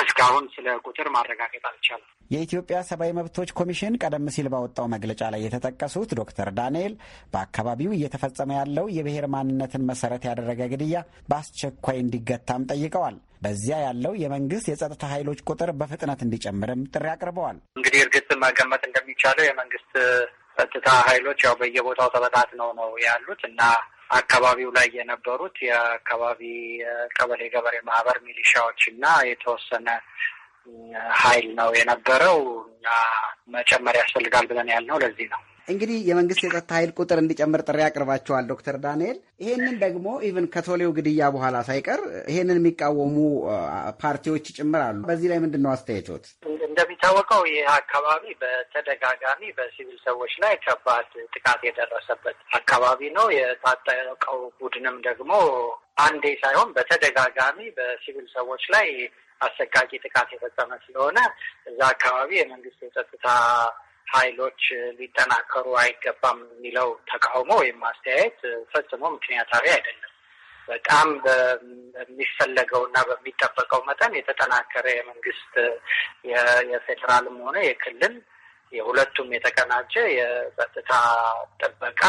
እስካሁን ስለ ቁጥር ማረጋገጥ አልቻለም። የኢትዮጵያ ሰብአዊ መብቶች ኮሚሽን ቀደም ሲል ባወጣው መግለጫ ላይ የተጠቀሱት ዶክተር ዳንኤል በአካባቢው እየተፈጸመ ያለው የብሔር ማንነትን መሰረት ያደረገ ግድያ በአስቸኳይ እንዲገታም ጠይቀዋል። በዚያ ያለው የመንግስት የጸጥታ ኃይሎች ቁጥር በፍጥነት እንዲጨምርም ጥሪ አቅርበዋል። እንግዲህ እርግጥ መገመት እንደሚቻለው የመንግስት ጸጥታ ኃይሎች ያው በየቦታው ተበታትነው ነው ያሉት እና አካባቢው ላይ የነበሩት የአካባቢ ቀበሌ ገበሬ ማህበር ሚሊሻዎች እና የተወሰነ ኃይል ነው የነበረው እና መጨመር ያስፈልጋል ብለን ያልነው ለዚህ ነው። እንግዲህ የመንግስት የጸጥታ ኃይል ቁጥር እንዲጨምር ጥሪ ያቅርባቸዋል ዶክተር ዳንኤል። ይሄንን ደግሞ ኢቨን ከቶሌው ግድያ በኋላ ሳይቀር ይሄንን የሚቃወሙ ፓርቲዎች ጭምር አሉ። በዚህ ላይ ምንድን ነው አስተያየቶት? እንደሚታወቀው ይህ አካባቢ በተደጋጋሚ በሲቪል ሰዎች ላይ ከባድ ጥቃት የደረሰበት አካባቢ ነው። የታጠቀው ቡድንም ደግሞ አንዴ ሳይሆን በተደጋጋሚ በሲቪል ሰዎች ላይ አሰቃቂ ጥቃት የፈጸመ ስለሆነ እዛ አካባቢ የመንግስት የጸጥታ ኃይሎች ሊጠናከሩ አይገባም የሚለው ተቃውሞ ወይም አስተያየት ፈጽሞ ምክንያታዊ አይደለም። በጣም በሚፈለገው እና በሚጠበቀው መጠን የተጠናከረ የመንግስት የፌዴራልም ሆነ የክልል የሁለቱም የተቀናጀ የጸጥታ ጥበቃ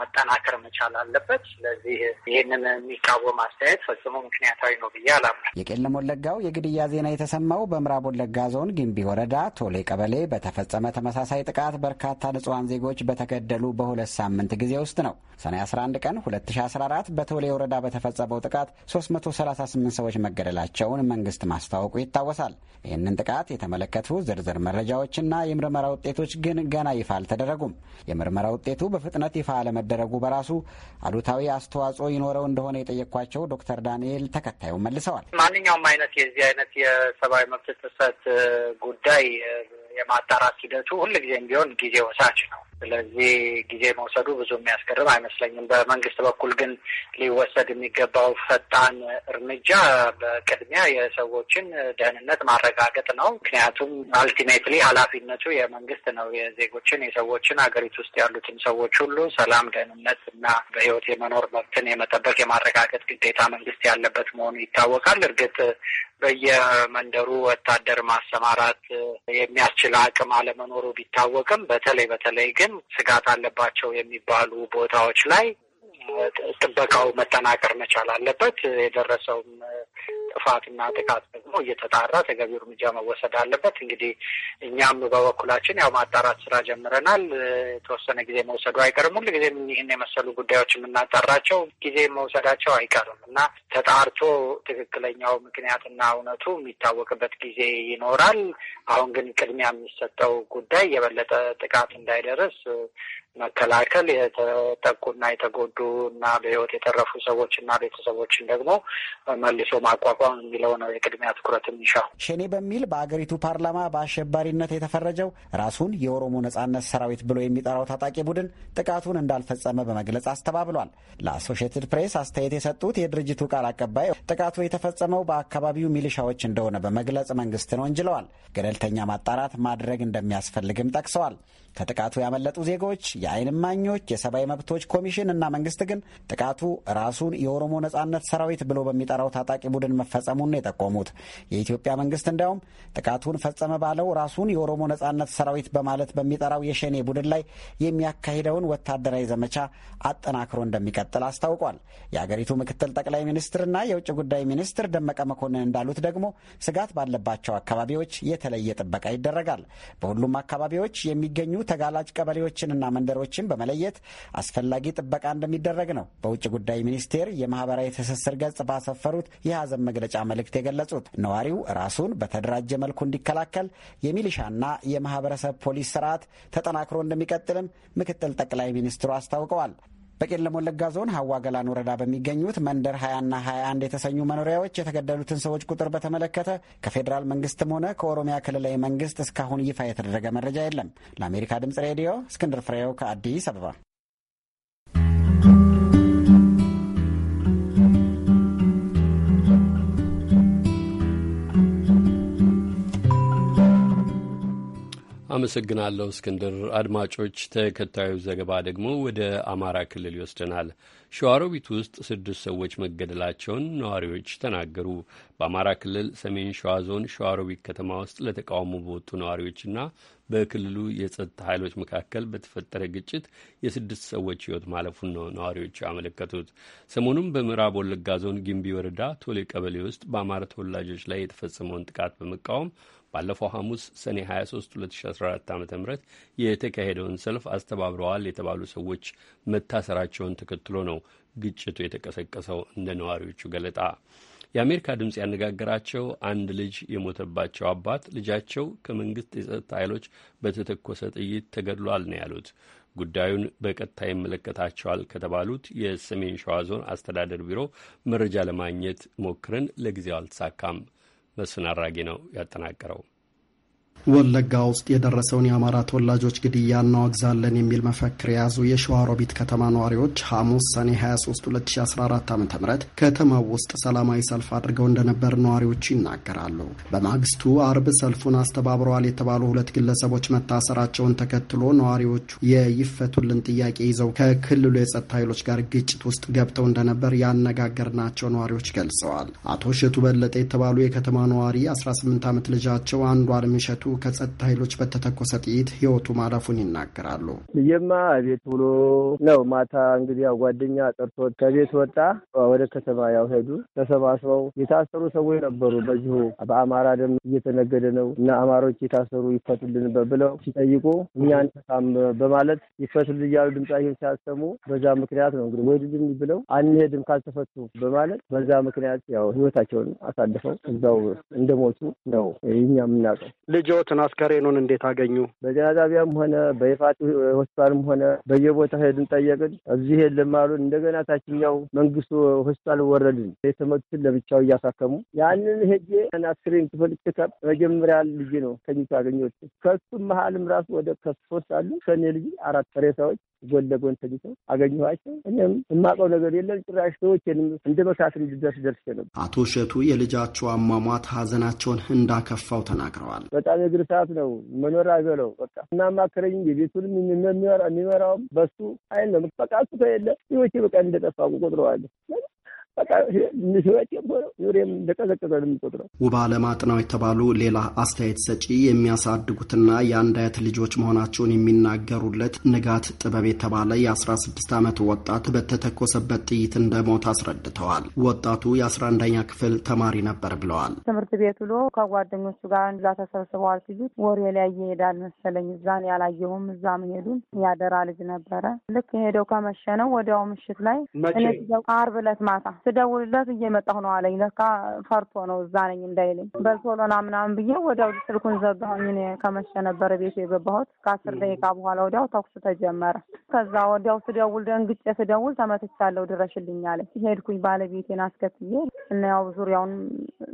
መጠናከር መቻል አለበት። ስለዚህ ይህንን የሚቃወም አስተያየት ፈጽሞ ምክንያታዊ ነው ብዬ አላምንም። የቄለም ወለጋው የግድያ ዜና የተሰማው በምዕራብ ወለጋ ዞን ግንቢ ወረዳ ቶሌ ቀበሌ በተፈጸመ ተመሳሳይ ጥቃት በርካታ ንጹሐን ዜጎች በተገደሉ በሁለት ሳምንት ጊዜ ውስጥ ነው። ሰኔ 11 ቀን 2014 በቶሌ ወረዳ በተፈጸመው ጥቃት 338 ሰዎች መገደላቸውን መንግስት ማስታወቁ ይታወሳል። ይህንን ጥቃት የተመለከቱ ዝርዝር መረጃዎችና የምርመራው ውጤቶች ግን ገና ይፋ አልተደረጉም። የምርመራ ውጤቱ በፍጥነት ይፋ አለመደረጉ በራሱ አሉታዊ አስተዋጽኦ ይኖረው እንደሆነ የጠየኳቸው ዶክተር ዳንኤል ተከታዩ መልሰዋል። ማንኛውም አይነት የዚህ አይነት የሰብአዊ መብት ጥሰት ጉዳይ የማጣራት ሂደቱ ሁልጊዜም ቢሆን ጊዜ ወሳች ነው። ስለዚህ ጊዜ መውሰዱ ብዙ የሚያስገርም አይመስለኝም። በመንግስት በኩል ግን ሊወሰድ የሚገባው ፈጣን እርምጃ በቅድሚያ የሰዎችን ደህንነት ማረጋገጥ ነው። ምክንያቱም አልቲሜትሊ ኃላፊነቱ የመንግስት ነው። የዜጎችን የሰዎችን ሀገሪቱ ውስጥ ያሉትን ሰዎች ሁሉ ሰላም፣ ደህንነት እና በህይወት የመኖር መብትን የመጠበቅ የማረጋገጥ ግዴታ መንግስት ያለበት መሆኑ ይታወቃል። እርግጥ በየመንደሩ ወታደር ማሰማራት የሚያስችል አቅም አለመኖሩ ቢታወቅም በተለይ በተለይ ግን ግን ስጋት አለባቸው የሚባሉ ቦታዎች ላይ ጥበቃው መጠናከር መቻል አለበት። የደረሰውም ጥፋትና ጥቃት ደግሞ እየተጣራ ተገቢው እርምጃ መወሰድ አለበት። እንግዲህ እኛም በበኩላችን ያው ማጣራት ስራ ጀምረናል። የተወሰነ ጊዜ መውሰዱ አይቀርም። ሁሉ ጊዜም ይህን የመሰሉ ጉዳዮች የምናጣራቸው ጊዜ መውሰዳቸው አይቀርም እና ተጣርቶ ትክክለኛው ምክንያትና እውነቱ የሚታወቅበት ጊዜ ይኖራል። አሁን ግን ቅድሚያ የሚሰጠው ጉዳይ የበለጠ ጥቃት እንዳይደርስ መከላከል የተጠቁና የተጎዱ እና በሕይወት የተረፉ ሰዎችና ቤተሰቦችን ደግሞ መልሶ ማቋቋም ተቋም የሚለው ነው የቅድሚያ ትኩረት የሚሻው። ሸኔ በሚል በአገሪቱ ፓርላማ በአሸባሪነት የተፈረጀው ራሱን የኦሮሞ ነጻነት ሰራዊት ብሎ የሚጠራው ታጣቂ ቡድን ጥቃቱን እንዳልፈጸመ በመግለጽ አስተባብሏል። ለአሶሽትድ ፕሬስ አስተያየት የሰጡት የድርጅቱ ቃል አቀባይ ጥቃቱ የተፈጸመው በአካባቢው ሚሊሻዎች እንደሆነ በመግለጽ መንግስትን ወንጅለዋል። ገለልተኛ ማጣራት ማድረግ እንደሚያስፈልግም ጠቅሰዋል። ከጥቃቱ ያመለጡ ዜጎች፣ የአይን እማኞች፣ የሰብአዊ መብቶች ኮሚሽን እና መንግስት ግን ጥቃቱ ራሱን የኦሮሞ ነጻነት ሰራዊት ብሎ በሚጠራው ታጣቂ ቡድን መፈጸሙን የጠቆሙት የኢትዮጵያ መንግስት እንዲያውም ጥቃቱን ፈጸመ ባለው ራሱን የኦሮሞ ነጻነት ሰራዊት በማለት በሚጠራው የሸኔ ቡድን ላይ የሚያካሂደውን ወታደራዊ ዘመቻ አጠናክሮ እንደሚቀጥል አስታውቋል። የአገሪቱ ምክትል ጠቅላይ ሚኒስትርና የውጭ ጉዳይ ሚኒስትር ደመቀ መኮንን እንዳሉት ደግሞ ስጋት ባለባቸው አካባቢዎች የተለየ ጥበቃ ይደረጋል። በሁሉም አካባቢዎች የሚገኙ ተጋላጭ ቀበሌዎችንና መንደሮችን በመለየት አስፈላጊ ጥበቃ እንደሚደረግ ነው በውጭ ጉዳይ ሚኒስቴር የማህበራዊ ትስስር ገጽ ባሰፈሩት የሀዘን መግለጫ መልእክት የገለጹት ነዋሪው ራሱን በተደራጀ መልኩ እንዲከላከል የሚሊሻና የማህበረሰብ ፖሊስ ስርዓት ተጠናክሮ እንደሚቀጥልም ምክትል ጠቅላይ ሚኒስትሩ አስታውቀዋል። በቄለም ወለጋ ዞን ሀዋ ገላን ወረዳ በሚገኙት መንደር 20ና 21 የተሰኙ መኖሪያዎች የተገደሉትን ሰዎች ቁጥር በተመለከተ ከፌዴራል መንግስትም ሆነ ከኦሮሚያ ክልላዊ መንግስት እስካሁን ይፋ የተደረገ መረጃ የለም። ለአሜሪካ ድምጽ ሬዲዮ እስክንድር ፍሬው ከአዲስ አበባ አመሰግናለሁ እስክንድር። አድማጮች፣ ተከታዩ ዘገባ ደግሞ ወደ አማራ ክልል ይወስደናል። ሸዋሮቢት ውስጥ ስድስት ሰዎች መገደላቸውን ነዋሪዎች ተናገሩ። በአማራ ክልል ሰሜን ሸዋ ዞን ሸዋሮቢት ከተማ ውስጥ ለተቃውሞ በወጡ ነዋሪዎችና በክልሉ የጸጥታ ኃይሎች መካከል በተፈጠረ ግጭት የስድስት ሰዎች ሕይወት ማለፉን ነው ነዋሪዎቹ ያመለከቱት። ሰሞኑም በምዕራብ ወለጋ ዞን ጊምቢ ወረዳ ቶሌ ቀበሌ ውስጥ በአማራ ተወላጆች ላይ የተፈጸመውን ጥቃት በመቃወም ባለፈው ሐሙስ ሰኔ 23 2014 ዓ ም የተካሄደውን ሰልፍ አስተባብረዋል የተባሉ ሰዎች መታሰራቸውን ተከትሎ ነው ግጭቱ የተቀሰቀሰው እንደ ነዋሪዎቹ ገለጣ። የአሜሪካ ድምፅ ያነጋገራቸው አንድ ልጅ የሞተባቸው አባት ልጃቸው ከመንግስት የጸጥታ ኃይሎች በተተኮሰ ጥይት ተገድሏል ነው ያሉት። ጉዳዩን በቀጥታ ይመለከታቸዋል ከተባሉት የሰሜን ሸዋ ዞን አስተዳደር ቢሮ መረጃ ለማግኘት ሞክረን ለጊዜው አልተሳካም። መስፍን አራጌ ነው ያጠናቀረው። ወለጋ ውስጥ የደረሰውን የአማራ ተወላጆች ግድያ እናወግዛለን የሚል መፈክር የያዙ የሸዋሮቢት ከተማ ነዋሪዎች ሐሙስ ሰኔ 23 2014 ዓ ም ከተማው ውስጥ ሰላማዊ ሰልፍ አድርገው እንደነበር ነዋሪዎቹ ይናገራሉ። በማግስቱ አርብ ሰልፉን አስተባብረዋል የተባሉ ሁለት ግለሰቦች መታሰራቸውን ተከትሎ ነዋሪዎቹ የይፈቱልን ጥያቄ ይዘው ከክልሉ የጸጥታ ኃይሎች ጋር ግጭት ውስጥ ገብተው እንደነበር ያነጋገርናቸው ነዋሪዎች ገልጸዋል። አቶ እሸቱ በለጠ የተባሉ የከተማ ነዋሪ 18 ዓመት ልጃቸው አንዷ አልምሸቱ ከጸጥታ ኃይሎች በተተኮሰ ጥይት ህይወቱ ማለፉን ይናገራሉ። ልጄማ ቤት ብሎ ነው። ማታ እንግዲህ ያው ጓደኛ ከቤት ወጣ። ወደ ከተማ ያው ሄዱ። ተሰባስበው የታሰሩ ሰዎች ነበሩ። በዚሁ በአማራ ደም እየተነገደ ነው እና አማሮች የታሰሩ ይፈቱልን ብለው ሲጠይቁ እኛ በጣም በማለት ይፈቱልን እያሉ ድምጻቸውን ሲያሰሙ በዛ ምክንያት ነው እንግዲህ ወይድልም ብለው አንሄድም ካልተፈቱ በማለት በዛ ምክንያት ያው ህይወታቸውን አሳልፈው እዛው እንደሞቱ ነው እኛ የምናውቀው። ልጆ ሞትን አስከሬኑን እንዴት አገኙ? በጤና ጣቢያም ሆነ በይፋት ሆስፒታልም ሆነ በየቦታ ሄድን ጠየቅን። እዚህ የለም አሉን። እንደገና ታችኛው መንግስቱ ሆስፒታል ወረድን። የተመቱትን ለብቻው እያሳከሙ ያንን ሄጄ አስክሬን ክፍል ቼካፕ መጀመሪያ ልጅ ነው ተኝቶ አገኘሁት። ከሱም መሀልም ራሱ ወደ ከሶስት አሉ ከኔ ልጅ አራት ሬሳዎች ጎን ለጎን ተኝተው አገኘኋቸው። እኔም የማውቀው ነገር የለም ጭራሽ ሰዎች እንደ መሳፍሪ ድረስ ደርሼ ነበር። አቶ እሸቱ የልጃቸው አሟሟት ሀዘናቸውን እንዳከፋው ተናግረዋል። በጣም የእግር ሰዓት ነው መኖር አይበለው በቃ እና ማከረኝ የቤቱንም የሚመራውም በሱ አይን ነው በቃ እሱ ከሌለ ህይወቴ በቃ እንደጠፋ ቆጥረዋለሁ። በቃ ምስበት ነው የተባሉ ሌላ አስተያየት ሰጪ የሚያሳድጉትና የአንድ አያት ልጆች መሆናቸውን የሚናገሩለት ንጋት ጥበብ የተባለ የ16 ዓመት ወጣት በተተኮሰበት ጥይት እንደሞት አስረድተዋል። ወጣቱ የ11ኛ ክፍል ተማሪ ነበር ብለዋል። ትምህርት ቤት ብሎ ከጓደኞቹ ጋር እንዛ ተሰብስበዋል ሲሉት ወሬ ላይ ይሄዳል መሰለኝ። እዛን ያላየሁም እዛ መሄዱን ያደራ ልጅ ነበረ። ልክ ሄደው ከመሸነው ወዲያው ምሽት ላይ አርብ ዕለት ማታ ስደውልለት እየመጣሁ ነው አለኝ። ለካ ፈርቶ ነው እዛ ነኝ እንዳይለኝ በሶሎና ምናምን ብዬ ወዲያው ስልኩን ዘጋሁኝ። እኔ ከመሸ ነበረ ቤቱ የገባሁት። ከአስር ደቂቃ በኋላ ወዲያው ተኩስ ተጀመረ። ከዛ ወዲያው ስደውል ደንግጬ ስደውል ተመትቻለሁ ድረሽልኝ አለኝ። ሄድኩኝ ባለቤቴን አስከትዬ እና ያው ዙሪያውን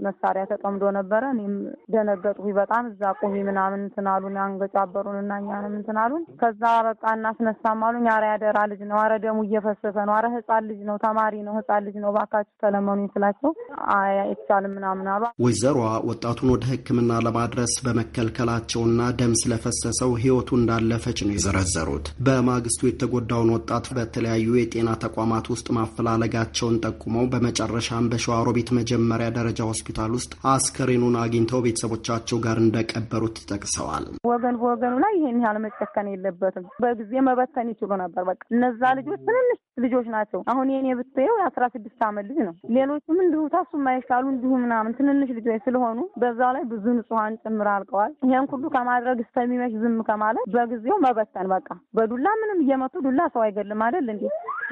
መሳሪያ ተጠምዶ ነበረ። እኔም ደነገጥኩኝ በጣም እዛ ቁሚ ምናምን እንትን አሉን አንገጫበሩን እና እኛንም እንትን አሉን። ከዛ በቃ እናስነሳም አሉኝ። አረ ያደራ ልጅ ነው፣ አረ ደሙ እየፈሰሰ ነው፣ አረ ህፃን ልጅ ነው፣ ተማሪ ነው፣ ህፃን ልጅ ነው እባካችሁ ተለመኑ ስላቸው አይቻልም ምናምን አሉ። ወይዘሮዋ ወጣቱን ወደ ሕክምና ለማድረስ በመከልከላቸውና ደም ስለፈሰሰው ህይወቱ እንዳለፈች ነው የዘረዘሩት። በማግስቱ የተጎዳውን ወጣት በተለያዩ የጤና ተቋማት ውስጥ ማፈላለጋቸውን ጠቁመው በመጨረሻም በሸዋሮቢት መጀመሪያ ደረጃ ሆስፒታል ውስጥ አስከሬኑን አግኝተው ቤተሰቦቻቸው ጋር እንደቀበሩት ጠቅሰዋል። ወገን በወገኑ ላይ ይህን ያህል መጨከን የለበትም። በጊዜ መበተን ይችሉ ነበር። በቃ እነዛ ልጆች ትንንሽ ልጆች ናቸው። አሁን የኔ ብትየው የአስራ ስድስት አመት ልጅ ነው። ሌሎቹም እንዲሁ ታሱ የማይሻሉ እንዲሁ ምናምን ትንንሽ ልጆች ስለሆኑ በዛው ላይ ብዙ ንጹሀን ጭምር አልቀዋል። ይሄን ሁሉ ከማድረግ እስከሚመሽ ዝም ከማለት በጊዜው መበተን በቃ በዱላ ምንም እየመቱ ዱላ ሰው አይገልም አይደል እንዴ?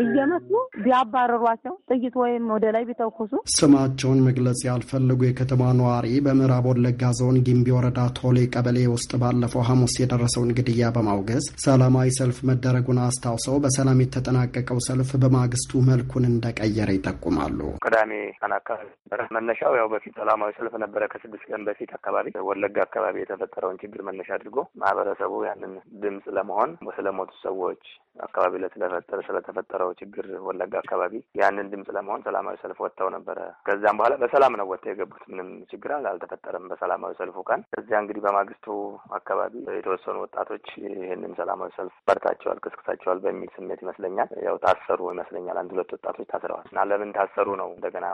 እየመቱ ቢያባረሯቸው ጥይት ወይም ወደ ላይ ቢተኩሱ ስማቸውን መግለጽ ያልፈለጉ የከተማ ነዋሪ በምዕራብ ወለጋ ዞን ጊምቢ ወረዳ ቶሌ ቀበሌ ውስጥ ባለፈው ሐሙስ የደረሰውን ግድያ በማውገዝ ሰላማዊ ሰልፍ መደረጉን አስታውሰው በሰላም የተጠናቀቀው ሰልፍ በማግስቱ መልኩን እንደቀየረ ይጠቁ ይጠቁማሉ። ቅዳሜ ቀን አካባቢ መነሻው ያው በፊት ሰላማዊ ሰልፍ ነበረ። ከስድስት ቀን በፊት አካባቢ ወለጋ አካባቢ የተፈጠረውን ችግር መነሻ አድርጎ ማህበረሰቡ ያንን ድምፅ ለመሆን ስለሞቱ ሰዎች አካባቢ ለተፈጠረ ስለተፈጠረው ችግር ወለጋ አካባቢ ያንን ድምፅ ለመሆን ሰላማዊ ሰልፍ ወጥተው ነበረ። ከዚያም በኋላ በሰላም ነው ወጥተው የገቡት። ምንም ችግር አልተፈጠረም በሰላማዊ ሰልፉ ቀን። እዚያ እንግዲህ በማግስቱ አካባቢ የተወሰኑ ወጣቶች ይህንን ሰላማዊ ሰልፍ በርታቸዋል፣ ቅስቅሳቸዋል በሚል ስሜት ይመስለኛል ያው ታሰሩ ይመስለኛል። አንድ ሁለት ወጣቶች ታስረዋል እና ለምን ታሰሩ ነው። እንደገና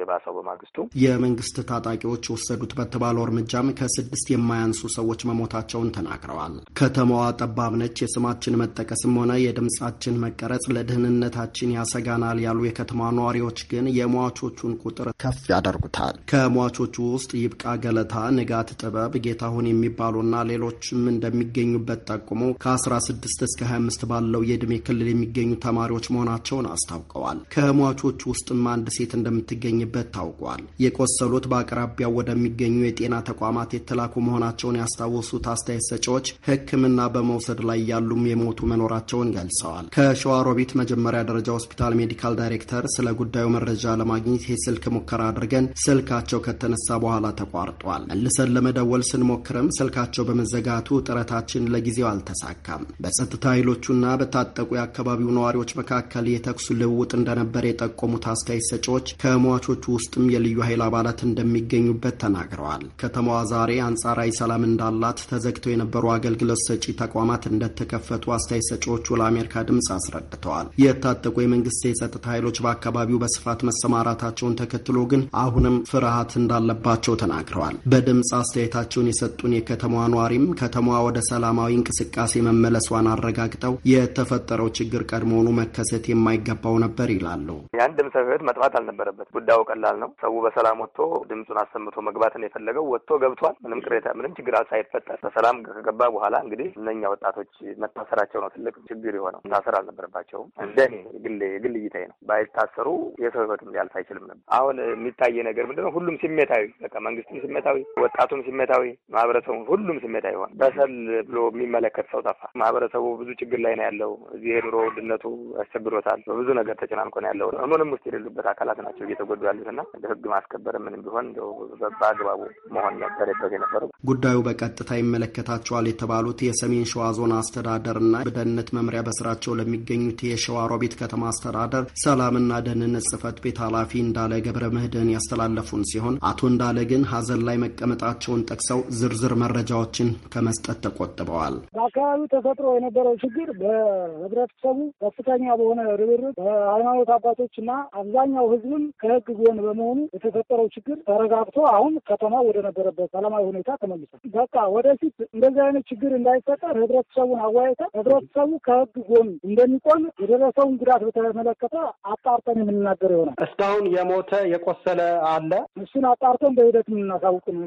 የባሰው በማግስቱ የመንግስት ታጣቂዎች ወሰዱት በተባለው እርምጃም ከስድስት የማያንሱ ሰዎች መሞታቸውን ተናግረዋል። ከተማዋ ጠባብ ነች። የስማችን መጠቀስም ሆነ የድምጻችን መቀረጽ ለደህንነታችን ያሰጋናል ያሉ የከተማ ነዋሪዎች ግን የሟቾቹን ቁጥር ከፍ ያደርጉታል። ከሟቾቹ ውስጥ ይብቃ ገለታ፣ ንጋት ጥበብ፣ ጌታሁን የሚባሉና ሌሎችም እንደሚገኙበት ጠቁሞ ከ16 እስከ 25 ባለው የዕድሜ ክልል የሚገኙ ተማሪዎች መሆናቸውን አስታውቀዋል። ከሟቾቹ ውስጥም አንድ ሴት እንደምትገኝበት ታውቋል። የቆሰሉት በአቅራቢያው ወደሚገኙ የጤና ተቋማት የተላኩ መሆናቸውን ያስታወሱት አስተያየት ሰጪዎች ሕክምና በመውሰድ ላይ ያሉም የሞቱ መኖራቸውን ገልጸዋል። ከሸዋሮቢት መጀመሪያ ደረጃ ሆስፒታል ሜዲካል ዳይሬክተር ስለ ጉዳዩ መረጃ ለማግኘት የስልክ ሙከራ አድርገን ስልካቸው ከተነሳ በኋላ ተቋርጧል። መልሰን ለመደወል ስንሞክርም ስልካቸው በመዘጋቱ ጥረታችን ለጊዜው አልተሳካም። በጸጥታ ኃይሎቹና በታጠቁ የአካባቢው ነዋሪዎች መካከል የተኩስ ልውውጥ እንደነበር የጠቆሙት የሞት አስተያየት ሰጪዎች ከሟቾቹ ውስጥም የልዩ ኃይል አባላት እንደሚገኙበት ተናግረዋል። ከተማዋ ዛሬ አንጻራዊ ሰላም እንዳላት ተዘግተው የነበሩ አገልግሎት ሰጪ ተቋማት እንደተከፈቱ አስተያየት ሰጪዎቹ ለአሜሪካ ድምፅ አስረድተዋል። የታጠቁ የመንግስት የጸጥታ ኃይሎች በአካባቢው በስፋት መሰማራታቸውን ተከትሎ ግን አሁንም ፍርሃት እንዳለባቸው ተናግረዋል። በድምፅ አስተያየታቸውን የሰጡን የከተማዋ ነዋሪም ከተማዋ ወደ ሰላማዊ እንቅስቃሴ መመለሷን አረጋግጠው የተፈጠረው ችግር ቀድሞውኑ መከሰት የማይገባው ነበር ይላሉ። ያን ድምፅ ሰበብ መጥፋት አልነበረበት። ጉዳዩ ቀላል ነው። ሰው በሰላም ወጥቶ ድምፁን አሰምቶ መግባትን የፈለገው ወጥቶ ገብቷል። ምንም ቅሬታ፣ ምንም ችግር ሳይፈጠር በሰላም ከገባ በኋላ እንግዲህ እነኛ ወጣቶች መታሰራቸው ነው ትልቅ ችግር የሆነው። መታሰር አልነበረባቸውም። እንደኔ ግል እይታዬ ነው። ባይታሰሩ የሰው ህይወትም ሊያልፍ አይችልም ነበር። አሁን የሚታየ ነገር ምንድነው? ሁሉም ስሜታዊ በቃ መንግስትም ስሜታዊ፣ ወጣቱም ስሜታዊ፣ ማህበረሰቡ ሁሉም ስሜታዊ ሆነ። በሰል ብሎ የሚመለከት ሰው ጠፋ። ማህበረሰቡ ብዙ ችግር ላይ ነው ያለው። እዚህ የኑሮ ውድነቱ ያስቸግሮታል። በብዙ ነገር ተጨናንቆ ነው ያለው። ምንም ውስጥ የሌሉበት አካላት ናቸው እየተጎዱ ያሉትና እንደ ህግ ማስከበር ምንም ቢሆን በአግባቡ መሆን ነበረበት የነበረው። ጉዳዩ በቀጥታ ይመለከታቸዋል የተባሉት የሰሜን ሸዋ ዞን አስተዳደርና በደህንነት መምሪያ በስራቸው ለሚገኙት የሸዋ ሮቢት ከተማ አስተዳደር ሰላምና ደህንነት ጽህፈት ቤት ኃላፊ እንዳለ ገብረ ምህድን ያስተላለፉን ሲሆን አቶ እንዳለ ግን ሀዘን ላይ መቀመጣቸውን ጠቅሰው ዝርዝር መረጃዎችን ከመስጠት ተቆጥበዋል። በአካባቢው ተፈጥሮ የነበረው ችግር በህብረተሰቡ ከፍተኛ በሆነ ርብርብ በሃይማኖት አባቶች እና አብዛኛው ህዝብም ከህግ ጎን በመሆኑ የተፈጠረው ችግር ተረጋግቶ አሁን ከተማ ወደ ነበረበት ሰላማዊ ሁኔታ ተመልሷል። በቃ ወደፊት እንደዚህ አይነት ችግር እንዳይፈጠር ህብረተሰቡን አወያይተን ህብረተሰቡ ከህግ ጎን እንደሚቆም የደረሰውን ጉዳት በተመለከተ አጣርተን የምንናገር ይሆናል። እስካሁን የሞተ የቆሰለ አለ? እሱን አጣርተን በሂደት የምናሳውቅ ነው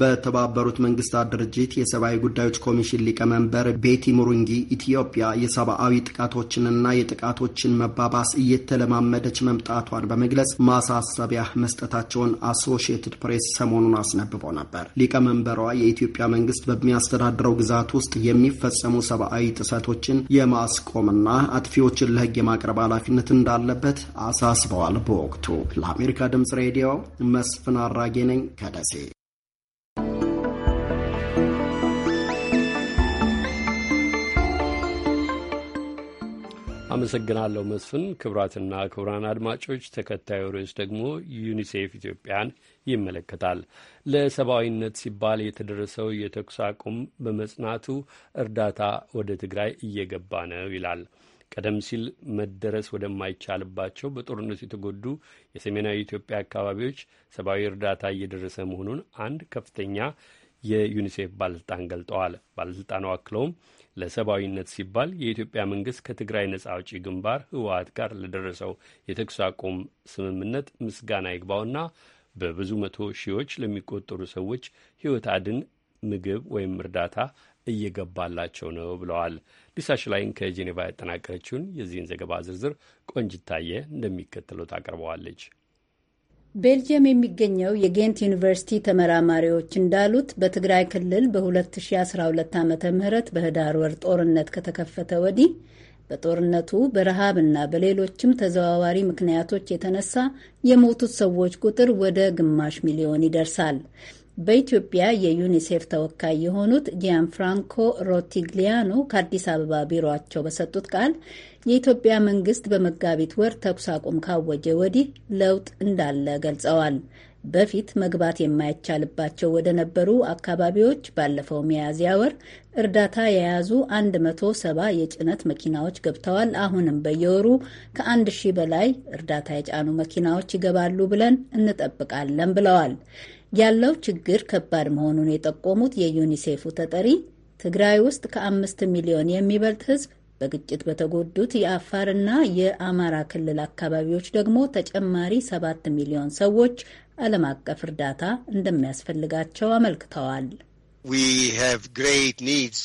በተባበሩት መንግስታት ድርጅት የሰብአዊ ጉዳዮች ኮሚሽን ሊቀመንበር ቤቲ ሙሩንጊ ኢትዮጵያ የሰብአዊ ጥቃቶችንና የጥቃቶችን መባባስ እየተለማመደች መም መምጣቷን በመግለጽ ማሳሰቢያ መስጠታቸውን አሶሽየትድ ፕሬስ ሰሞኑን አስነብቦ ነበር። ሊቀመንበሯ የኢትዮጵያ መንግስት በሚያስተዳድረው ግዛት ውስጥ የሚፈጸሙ ሰብአዊ ጥሰቶችን የማስቆምና አጥፊዎችን ለህግ የማቅረብ ኃላፊነት እንዳለበት አሳስበዋል። በወቅቱ ለአሜሪካ ድምጽ ሬዲዮ መስፍን አራጌ ነኝ ከደሴ። አመሰግናለሁ መስፍን። ክቡራትና ክቡራን አድማጮች ተከታዩ ርዕስ ደግሞ ዩኒሴፍ ኢትዮጵያን ይመለከታል። ለሰብአዊነት ሲባል የተደረሰው የተኩስ አቁም በመጽናቱ እርዳታ ወደ ትግራይ እየገባ ነው ይላል። ቀደም ሲል መደረስ ወደማይቻልባቸው በጦርነት የተጎዱ የሰሜናዊ ኢትዮጵያ አካባቢዎች ሰብአዊ እርዳታ እየደረሰ መሆኑን አንድ ከፍተኛ የዩኒሴፍ ባለስልጣን ገልጠዋል። ባለስልጣኑ አክለውም ለሰብአዊነት ሲባል የኢትዮጵያ መንግስት ከትግራይ ነጻ አውጪ ግንባር ህወሀት ጋር ለደረሰው የተኩስ አቁም ስምምነት ምስጋና ይግባውና በብዙ መቶ ሺዎች ለሚቆጠሩ ሰዎች ህይወት አድን ምግብ ወይም እርዳታ እየገባላቸው ነው ብለዋል። ሊሳ ሽላይን ከጄኔቫ ያጠናቀረችውን የዚህን ዘገባ ዝርዝር ቆንጅታየ እንደሚከተለው ታቀርበዋለች። ቤልጅየም የሚገኘው የጌንት ዩኒቨርሲቲ ተመራማሪዎች እንዳሉት በትግራይ ክልል በ2012 ዓ ም በህዳር ወር ጦርነት ከተከፈተ ወዲህ በጦርነቱ በረሃብና በሌሎችም ተዘዋዋሪ ምክንያቶች የተነሳ የሞቱት ሰዎች ቁጥር ወደ ግማሽ ሚሊዮን ይደርሳል። በኢትዮጵያ የዩኒሴፍ ተወካይ የሆኑት ጂያንፍራንኮ ሮቲግሊያኖ ከአዲስ አበባ ቢሮቸው በሰጡት ቃል የኢትዮጵያ መንግስት በመጋቢት ወር ተኩስ አቁም ካወጀ ወዲህ ለውጥ እንዳለ ገልጸዋል። በፊት መግባት የማይቻልባቸው ወደ ነበሩ አካባቢዎች ባለፈው ሚያዝያ ወር እርዳታ የያዙ 170 የጭነት መኪናዎች ገብተዋል። አሁንም በየወሩ ከአንድ ሺህ በላይ እርዳታ የጫኑ መኪናዎች ይገባሉ ብለን እንጠብቃለን ብለዋል። ያለው ችግር ከባድ መሆኑን የጠቆሙት የዩኒሴፉ ተጠሪ ትግራይ ውስጥ ከአምስት ሚሊዮን የሚበልጥ ህዝብ በግጭት በተጎዱት የአፋርና የአማራ ክልል አካባቢዎች ደግሞ ተጨማሪ ሰባት ሚሊዮን ሰዎች ዓለም አቀፍ እርዳታ እንደሚያስፈልጋቸው አመልክተዋል። We have great needs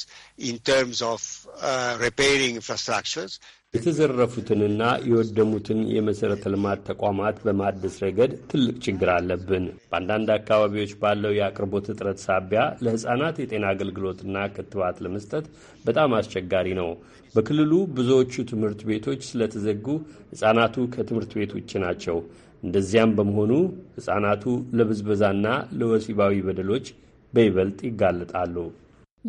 in terms of uh, repairing infrastructures. የተዘረፉትንና የወደሙትን የመሠረተ ልማት ተቋማት በማደስ ረገድ ትልቅ ችግር አለብን። በአንዳንድ አካባቢዎች ባለው የአቅርቦት እጥረት ሳቢያ ለሕፃናት የጤና አገልግሎትና ክትባት ለመስጠት በጣም አስቸጋሪ ነው። በክልሉ ብዙዎቹ ትምህርት ቤቶች ስለተዘጉ ሕፃናቱ ከትምህርት ቤት ውጭ ናቸው። እንደዚያም በመሆኑ ሕፃናቱ ለብዝበዛና ለወሲባዊ በደሎች በይበልጥ ይጋለጣሉ።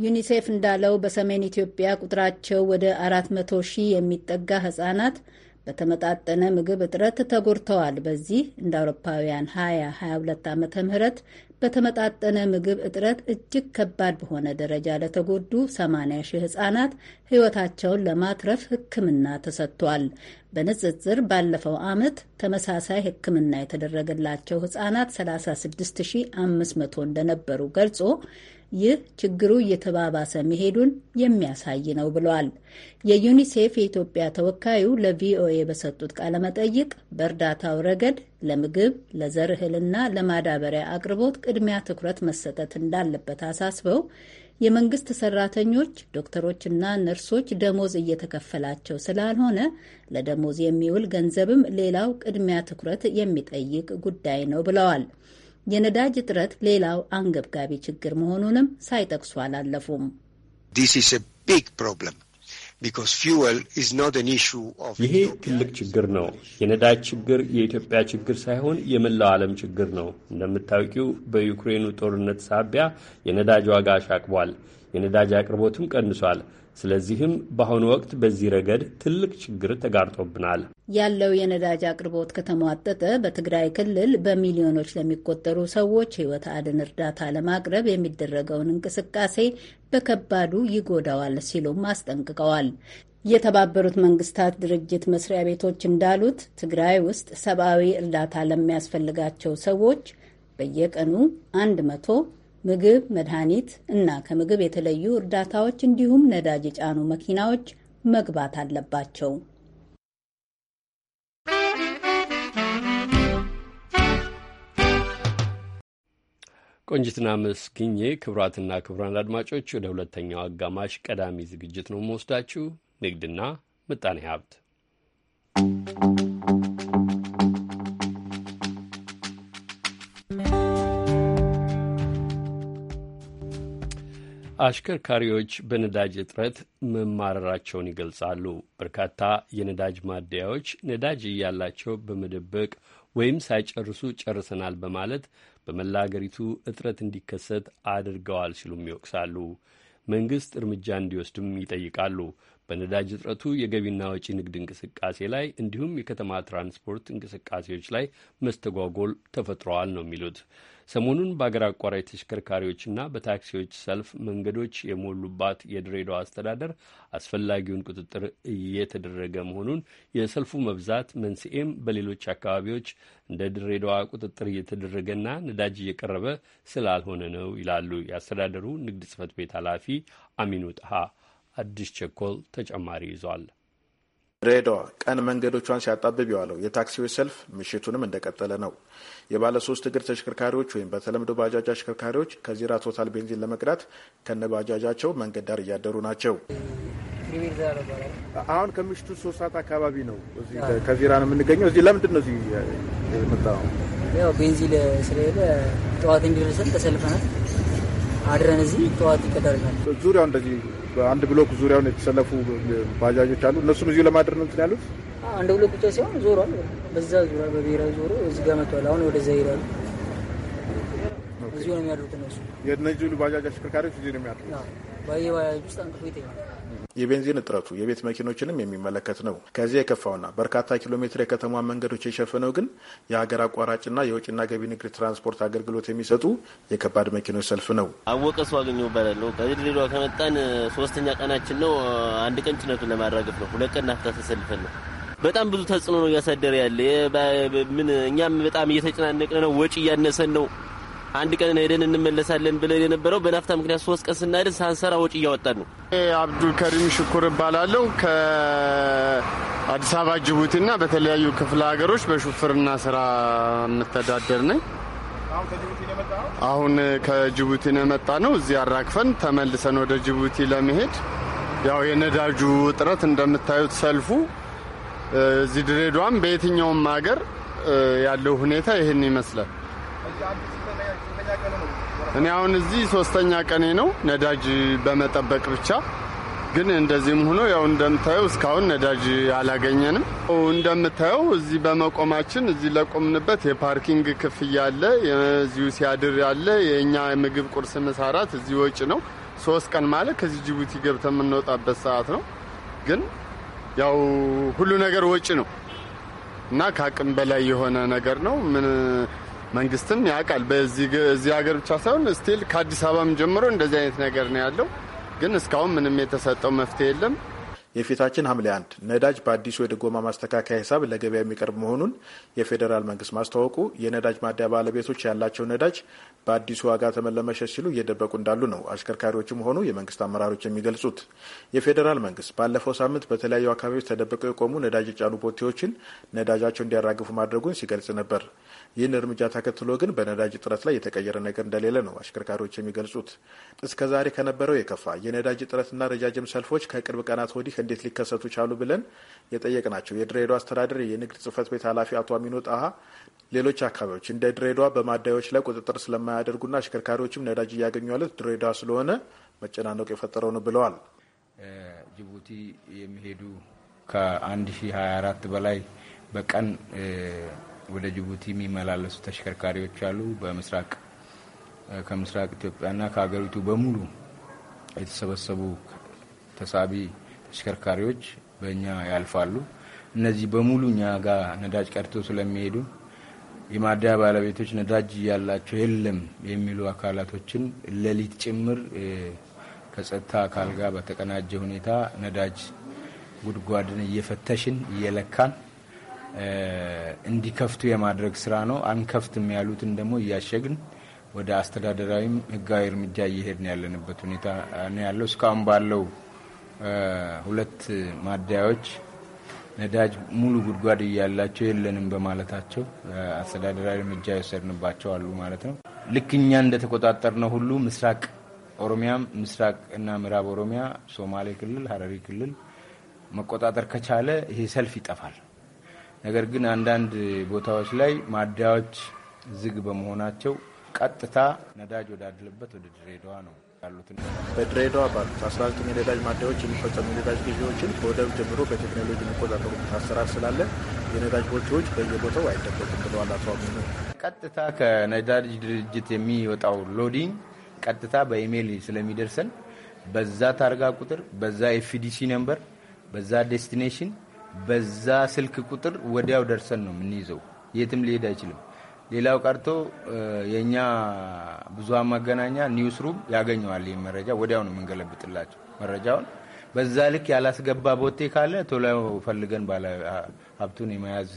ዩኒሴፍ እንዳለው በሰሜን ኢትዮጵያ ቁጥራቸው ወደ 400 ሺህ የሚጠጋ ህጻናት በተመጣጠነ ምግብ እጥረት ተጎድተዋል። በዚህ እንደ አውሮፓውያን 2022 ዓመተ ምህረት በተመጣጠነ ምግብ እጥረት እጅግ ከባድ በሆነ ደረጃ ለተጎዱ 80 ሺህ ህጻናት ህይወታቸውን ለማትረፍ ህክምና ተሰጥቷል። በንጽጽር ባለፈው ዓመት ተመሳሳይ ህክምና የተደረገላቸው ህጻናት 36500 እንደነበሩ ገልጾ ይህ ችግሩ እየተባባሰ መሄዱን የሚያሳይ ነው ብለዋል። የዩኒሴፍ የኢትዮጵያ ተወካዩ ለቪኦኤ በሰጡት ቃለመጠይቅ በእርዳታው ረገድ ለምግብ፣ ለዘር እህልና ለማዳበሪያ አቅርቦት ቅድሚያ ትኩረት መሰጠት እንዳለበት አሳስበው የመንግስት ሰራተኞች ዶክተሮችና ነርሶች ደሞዝ እየተከፈላቸው ስላልሆነ ለደሞዝ የሚውል ገንዘብም ሌላው ቅድሚያ ትኩረት የሚጠይቅ ጉዳይ ነው ብለዋል። የነዳጅ እጥረት ሌላው አንገብጋቢ ችግር መሆኑንም ሳይጠቅሱ አላለፉም። ይሄ ትልቅ ችግር ነው። የነዳጅ ችግር የኢትዮጵያ ችግር ሳይሆን የመላው ዓለም ችግር ነው። እንደምታውቂው በዩክሬኑ ጦርነት ሳቢያ የነዳጅ ዋጋ አሻቅቧል። የነዳጅ አቅርቦትም ቀንሷል። ስለዚህም በአሁኑ ወቅት በዚህ ረገድ ትልቅ ችግር ተጋርጦብናል። ያለው የነዳጅ አቅርቦት ከተሟጠጠ በትግራይ ክልል በሚሊዮኖች ለሚቆጠሩ ሰዎች ሕይወት አድን እርዳታ ለማቅረብ የሚደረገውን እንቅስቃሴ በከባዱ ይጎዳዋል ሲሉም አስጠንቅቀዋል። የተባበሩት መንግስታት ድርጅት መስሪያ ቤቶች እንዳሉት ትግራይ ውስጥ ሰብአዊ እርዳታ ለሚያስፈልጋቸው ሰዎች በየቀኑ አንድ መቶ ምግብ፣ መድኃኒት እና ከምግብ የተለዩ እርዳታዎች እንዲሁም ነዳጅ የጫኑ መኪናዎች መግባት አለባቸው። ቆንጅትና መስግኜ። ክቡራትና ክቡራን አድማጮች ወደ ሁለተኛው አጋማሽ ቀዳሚ ዝግጅት ነው መወስዳችሁ። ንግድና ምጣኔ ሀብት አሽከርካሪዎች በነዳጅ እጥረት መማረራቸውን ይገልጻሉ። በርካታ የነዳጅ ማደያዎች ነዳጅ እያላቸው በመደበቅ ወይም ሳይጨርሱ ጨርሰናል በማለት በመላ አገሪቱ እጥረት እንዲከሰት አድርገዋል ሲሉም ይወቅሳሉ። መንግስት እርምጃ እንዲወስድም ይጠይቃሉ። በነዳጅ እጥረቱ የገቢና ወጪ ንግድ እንቅስቃሴ ላይ እንዲሁም የከተማ ትራንስፖርት እንቅስቃሴዎች ላይ መስተጓጎል ተፈጥረዋል ነው የሚሉት። ሰሞኑን በአገር አቋራጭ ተሽከርካሪዎችና በታክሲዎች ሰልፍ መንገዶች የሞሉባት የድሬዳዋ አስተዳደር አስፈላጊውን ቁጥጥር እየተደረገ መሆኑን፣ የሰልፉ መብዛት መንስኤም በሌሎች አካባቢዎች እንደ ድሬዳዋ ቁጥጥር እየተደረገና ነዳጅ እየቀረበ ስላልሆነ ነው ይላሉ የአስተዳደሩ ንግድ ጽህፈት ቤት ኃላፊ አሚኑ ጣሃ። አዲስ ቸኮል ተጨማሪ ይዟል። ድሬዳዋ ቀን መንገዶቿን ሲያጣብብ የዋለው የታክሲዎች ሰልፍ ምሽቱንም እንደቀጠለ ነው። የባለ ሶስት እግር ተሽከርካሪዎች ወይም በተለምዶ ባጃጅ አሽከርካሪዎች ከዚራ ቶታል ቤንዚን ለመቅዳት ከነ ባጃጃቸው መንገድ ዳር እያደሩ ናቸው። አሁን ከምሽቱ ሶስት ሰዓት አካባቢ ነው ከዚራ ነው የምንገኘው። እዚህ ለምንድን ነው እዚህ የመጣ ያው ቤንዚን ስለሌለ ጠዋት እንዲደርሰን ተሰልፈናል። አድረን እዚህ ጠዋት ይቀዳርናል። ዙሪያው እንደዚህ በአንድ ብሎክ ዙሪያውን የተሰለፉ ባጃጆች አሉ። እነሱም እዚሁ ለማደር ነው እንትን ያሉት። አንድ ብሎክ ብቻ ሲሆን ዞሯል። በዛ ዙሪያ በብሔራዊ ዞሮ እዚህ ጋር መጥቷል። አሁን ወደዛ ይሄዳሉ። እዚሁ ነው የሚያድሩት እነሱ። የነዚህ ሁሉ ባጃጅ አሽከርካሪዎች እዚሁ ነው የሚያድሩት። ባየ ባጃጅ ውስጥ አንቅፎ ይተኛል። የቤንዚን እጥረቱ የቤት መኪኖችንም የሚመለከት ነው። ከዚህ የከፋውና በርካታ ኪሎ ሜትር የከተማ መንገዶች የሸፈነው ግን የሀገር አቋራጭና የውጭና ገቢ ንግድ ትራንስፖርት አገልግሎት የሚሰጡ የከባድ መኪኖች ሰልፍ ነው። አወቀ ሰው አገኘ ይባላለሁ። ከድሬዳዋ ከመጣን ሶስተኛ ቀናችን ነው። አንድ ቀን ጭነቱን ለማራገፍ ነው። ሁለት ቀን ናፍታ ተሰልፈን ነው። በጣም ብዙ ተጽዕኖ ነው እያሳደረ ያለ ምን እኛም በጣም እየተጨናነቅን ነው። ወጪ እያነሰን ነው። አንድ ቀን ሄደን እንመለሳለን ብለን የነበረው በናፍታ ምክንያት ሶስት ቀን ስናሄደን ሳንሰራ ወጪ እያወጣን ነው። አብዱልከሪም ሽኩር እባላለሁ ከአዲስ አበባ ጅቡቲና በተለያዩ ክፍለ ሀገሮች በሹፍርና ስራ የምተዳደር ነኝ። አሁን ከጅቡቲ ነው የመጣ ነው። እዚህ አራክፈን ተመልሰን ወደ ጅቡቲ ለመሄድ ያው የነዳጁ እጥረት እንደምታዩት ሰልፉ እዚህ ድሬዷም በየትኛውም ሀገር ያለው ሁኔታ ይህን ይመስላል። እኔ አሁን እዚህ ሶስተኛ ቀኔ ነው ነዳጅ በመጠበቅ ብቻ። ግን እንደዚህም ሆኖ ያው እንደምታየው እስካሁን ነዳጅ አላገኘንም። እንደምታየው እዚህ በመቆማችን እዚህ ለቆምንበት የፓርኪንግ ክፍያ አለ፣ እዚሁ ሲያድር ያለ የእኛ የምግብ ቁርስ፣ ምሳ፣ እራት እዚህ ወጪ ነው። ሶስት ቀን ማለት ከዚህ ጅቡቲ ገብተ የምንወጣበት ሰዓት ነው። ግን ያው ሁሉ ነገር ወጪ ነው እና ከአቅም በላይ የሆነ ነገር ነው ምን መንግስትም ያውቃል። በዚህ ሀገር ብቻ ሳይሆን ስቲል ከአዲስ አበባም ጀምሮ እንደዚህ አይነት ነገር ነው ያለው። ግን እስካሁን ምንም የተሰጠው መፍትሄ የለም። የፊታችን ሐምሌ አንድ ነዳጅ በአዲሱ የድጎማ ማስተካከያ ሂሳብ ለገበያ የሚቀርብ መሆኑን የፌዴራል መንግስት ማስታወቁ የነዳጅ ማደያ ባለቤቶች ያላቸው ነዳጅ በአዲሱ ዋጋ ተመለመሸ ሲሉ እየደበቁ እንዳሉ ነው አሽከርካሪዎችም ሆኑ የመንግስት አመራሮች የሚገልጹት። የፌዴራል መንግስት ባለፈው ሳምንት በተለያዩ አካባቢዎች ተደብቀው የቆሙ ነዳጅ የጫኑ ቦቴዎችን ነዳጃቸው እንዲያራግፉ ማድረጉን ሲገልጽ ነበር። ይህን እርምጃ ተከትሎ ግን በነዳጅ እጥረት ላይ የተቀየረ ነገር እንደሌለ ነው አሽከርካሪዎች የሚገልጹት። እስከ ዛሬ ከነበረው የከፋ የነዳጅ እጥረትና ረጃጅም ሰልፎች ከቅርብ ቀናት ወዲህ እንዴት ሊከሰቱ ቻሉ ብለን የጠየቅናቸው የድሬዳዋ አስተዳደር የንግድ ጽህፈት ቤት ኃላፊ አቶ አሚኖ ጣሀ ሌሎች አካባቢዎች እንደ ድሬዳዋ በማደያዎች ላይ ቁጥጥር ስለማያደርጉና አሽከርካሪዎችም ነዳጅ እያገኙ ያሉት ድሬዳዋ ስለሆነ መጨናነቅ የፈጠረው ነው ብለዋል። ጅቡቲ የሚሄዱ ከ1024 በላይ በቀን ወደ ጅቡቲ የሚመላለሱ ተሽከርካሪዎች አሉ። በምስራቅ ከምስራቅ ኢትዮጵያና ከሀገሪቱ በሙሉ የተሰበሰቡ ተሳቢ ተሽከርካሪዎች በእኛ ያልፋሉ። እነዚህ በሙሉ እኛ ጋር ነዳጅ ቀርቶ ስለሚሄዱ የማደያ ባለቤቶች ነዳጅ ያላቸው የለም የሚሉ አካላቶችን ሌሊት ጭምር ከጸጥታ አካል ጋር በተቀናጀ ሁኔታ ነዳጅ ጉድጓድን እየፈተሽን እየለካን እንዲከፍቱ የማድረግ ስራ ነው። አንከፍትም ያሉትን ደግሞ እያሸግን ወደ አስተዳደራዊም ህጋዊ እርምጃ እየሄድን ያለንበት ሁኔታ ነው ያለው። እስካሁን ባለው ሁለት ማደያዎች ነዳጅ ሙሉ ጉድጓድ እያላቸው የለንም በማለታቸው አስተዳደራዊ እርምጃ የወሰድንባቸው አሉ ማለት ነው። ልክ እኛ እንደተቆጣጠር ነው ሁሉ ምስራቅ ኦሮሚያም ምስራቅ እና ምዕራብ ኦሮሚያ፣ ሶማሌ ክልል፣ ሀረሪ ክልል መቆጣጠር ከቻለ ይሄ ሰልፍ ይጠፋል። ነገር ግን አንዳንድ ቦታዎች ላይ ማደያዎች ዝግ በመሆናቸው ቀጥታ ነዳጅ ወዳለበት ወደ ድሬዳዋ ነው ያሉትን። በድሬዳዋ ባሉት 19 የነዳጅ ማደያዎች የሚፈጸሙ የነዳጅ ግዢዎችን ከወደብ ጀምሮ በቴክኖሎጂ የሚቆጣጠሩበት አሰራር ስላለ የነዳጅ ቦቴዎች በየቦታው አይደበቁም ብለዋል አቶ አሚኑ። ቀጥታ ከነዳጅ ድርጅት የሚወጣው ሎዲንግ ቀጥታ በኢሜይል ስለሚደርሰን በዛ ታርጋ ቁጥር፣ በዛ ኤፍዲሲ ነምበር፣ በዛ ዴስቲኔሽን በዛ ስልክ ቁጥር ወዲያው ደርሰን ነው የምንይዘው። የትም ሊሄድ አይችልም። ሌላው ቀርቶ የእኛ ብዙሃን መገናኛ ኒውስ ሩም ያገኘዋል። ይህ መረጃ ወዲያው ነው የምንገለብጥላቸው መረጃውን። በዛ ልክ ያላስገባ ቦቴ ካለ ቶሎ ፈልገን ባለ ሀብቱን የመያዝ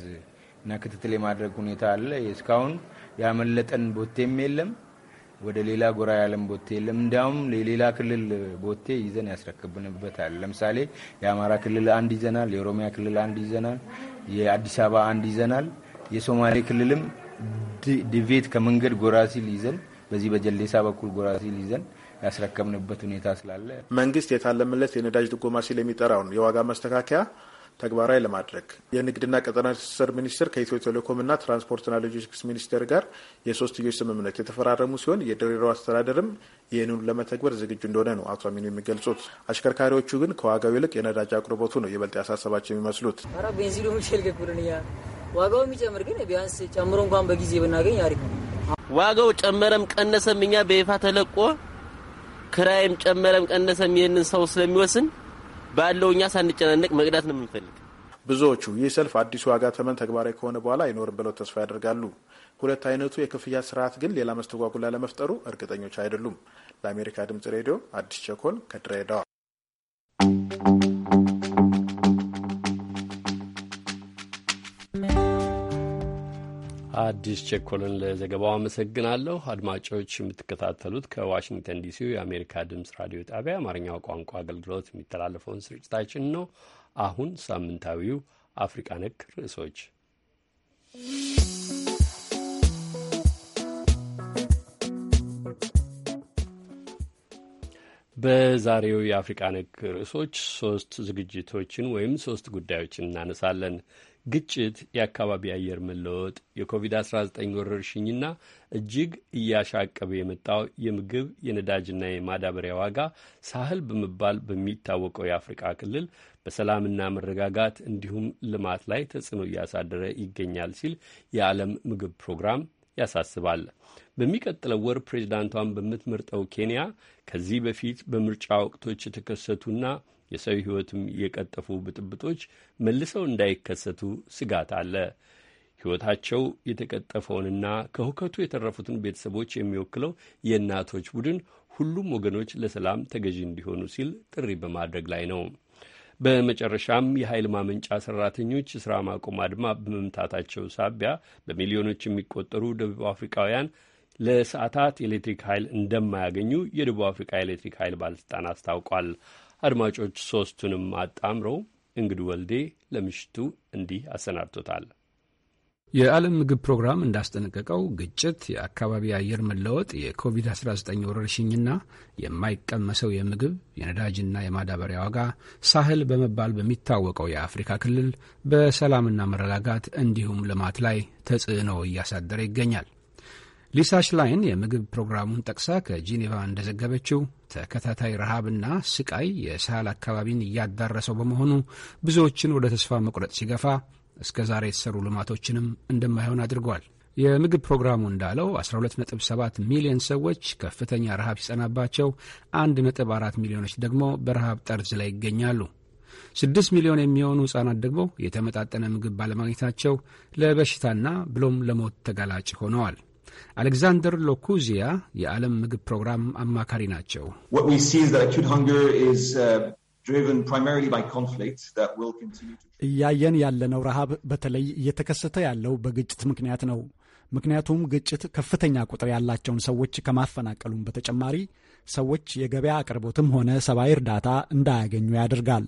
እና ክትትል የማድረግ ሁኔታ አለ። እስካሁን ያመለጠን ቦቴም የለም። ወደ ሌላ ጎራ ያለም ቦቴ የለም። እንዲያውም የሌላ ክልል ቦቴ ይዘን ያስረክብንበታል። ለምሳሌ የአማራ ክልል አንድ ይዘናል፣ የኦሮሚያ ክልል አንድ ይዘናል፣ የአዲስ አበባ አንድ ይዘናል። የሶማሌ ክልልም ድቤት ከመንገድ ጎራ ሲል ይዘን በዚህ በጀሌሳ በኩል ጎራ ሲል ይዘን ያስረከብንበት ሁኔታ ስላለ መንግስት የታለምለት የነዳጅ ድጎማ ሲል የሚጠራውን የዋጋ ማስተካከያ ተግባራዊ ለማድረግ የንግድና ቀጠና ትስስር ሚኒስቴር ከኢትዮ ቴሌኮምና ትራንስፖርትና ሎጂስቲክስ ሚኒስቴር ጋር የሶስትዮሽ ስምምነት የተፈራረሙ ሲሆን የድሬዳዋ አስተዳደርም ይህንኑ ለመተግበር ዝግጁ እንደሆነ ነው አቶ አሚኑ የሚገልጹት። አሽከርካሪዎቹ ግን ከዋጋው ይልቅ የነዳጅ አቅርቦቱ ነው ይበልጥ ያሳሰባቸው የሚመስሉት። ቤንዚሉ ዋጋው የሚጨምር ግን ቢያንስ ጨምሮ እንኳን በጊዜ ብናገኝ አሪፍ ነው። ዋጋው ጨመረም ቀነሰም እኛ በይፋ ተለቆ ክራይም ጨመረም ቀነሰም ይህንን ሰው ስለሚወስን ባለው እኛ ሳንጨናነቅ መቅዳት ነው የምንፈልግ። ብዙዎቹ ይህ ሰልፍ አዲሱ ዋጋ ተመን ተግባራዊ ከሆነ በኋላ አይኖርም ብለው ተስፋ ያደርጋሉ። ሁለት አይነቱ የክፍያ ስርዓት ግን ሌላ መስተጓጉላ ለመፍጠሩ እርግጠኞች አይደሉም። ለአሜሪካ ድምጽ ሬዲዮ አዲስ ቸኮል ከድሬዳዋ አዲስ ቸኮልን ለዘገባው አመሰግናለሁ። አድማጮች የምትከታተሉት ከዋሽንግተን ዲሲ የአሜሪካ ድምፅ ራዲዮ ጣቢያ አማርኛው ቋንቋ አገልግሎት የሚተላለፈውን ስርጭታችን ነው። አሁን ሳምንታዊው አፍሪቃ ነክ ርዕሶች በዛሬው የአፍሪቃ ነክ ርዕሶች ሶስት ዝግጅቶችን ወይም ሶስት ጉዳዮችን እናነሳለን። ግጭት፣ የአካባቢ አየር መለወጥ፣ የኮቪድ-19 ወረርሽኝና እጅግ እያሻቀበ የመጣው የምግብ የነዳጅና የማዳበሪያ ዋጋ ሳህል በመባል በሚታወቀው የአፍሪቃ ክልል በሰላምና መረጋጋት እንዲሁም ልማት ላይ ተጽዕኖ እያሳደረ ይገኛል ሲል የዓለም ምግብ ፕሮግራም ያሳስባል። በሚቀጥለው ወር ፕሬዚዳንቷን በምትመርጠው ኬንያ ከዚህ በፊት በምርጫ ወቅቶች የተከሰቱና የሰው ሕይወትም የቀጠፉ ብጥብጦች መልሰው እንዳይከሰቱ ስጋት አለ። ሕይወታቸው የተቀጠፈውንና ከሁከቱ የተረፉትን ቤተሰቦች የሚወክለው የእናቶች ቡድን ሁሉም ወገኖች ለሰላም ተገዢ እንዲሆኑ ሲል ጥሪ በማድረግ ላይ ነው። በመጨረሻም የኃይል ማመንጫ ሰራተኞች ስራ ማቆም አድማ በመምታታቸው ሳቢያ በሚሊዮኖች የሚቆጠሩ ደቡብ አፍሪካውያን ለሰዓታት ኤሌክትሪክ ኃይል እንደማያገኙ የደቡብ አፍሪካ የኤሌክትሪክ ኃይል ባለስልጣን አስታውቋል። አድማጮች ሶስቱንም አጣምረው እንግድ ወልዴ ለምሽቱ እንዲህ አሰናድቶታል። የዓለም ምግብ ፕሮግራም እንዳስጠነቀቀው ግጭት፣ የአካባቢ አየር መለወጥ፣ የኮቪድ-19 ወረርሽኝና የማይቀመሰው የምግብ የነዳጅና የማዳበሪያ ዋጋ ሳህል በመባል በሚታወቀው የአፍሪካ ክልል በሰላምና መረጋጋት እንዲሁም ልማት ላይ ተጽዕኖ እያሳደረ ይገኛል። ሊሳ ሽላይን የምግብ ፕሮግራሙን ጠቅሳ ከጂኔቫ እንደዘገበችው ተከታታይ ረሃብና ስቃይ የሳህል አካባቢን እያዳረሰው በመሆኑ ብዙዎችን ወደ ተስፋ መቁረጥ ሲገፋ እስከ ዛሬ የተሰሩ ልማቶችንም እንደማይሆን አድርጓል። የምግብ ፕሮግራሙ እንዳለው 12.7 ሚሊዮን ሰዎች ከፍተኛ ረሃብ ሲጸናባቸው 1.4 ሚሊዮኖች ደግሞ በረሃብ ጠርዝ ላይ ይገኛሉ። 6 ሚሊዮን የሚሆኑ ሕፃናት ደግሞ የተመጣጠነ ምግብ ባለማግኘታቸው ለበሽታና ብሎም ለሞት ተጋላጭ ሆነዋል። አሌክዛንደር ሎኩዚያ የዓለም ምግብ ፕሮግራም አማካሪ ናቸው። uh, እያየን ያለነው ረሃብ በተለይ እየተከሰተ ያለው በግጭት ምክንያት ነው። ምክንያቱም ግጭት ከፍተኛ ቁጥር ያላቸውን ሰዎች ከማፈናቀሉም በተጨማሪ ሰዎች የገበያ አቅርቦትም ሆነ ሰብአዊ እርዳታ እንዳያገኙ ያደርጋል።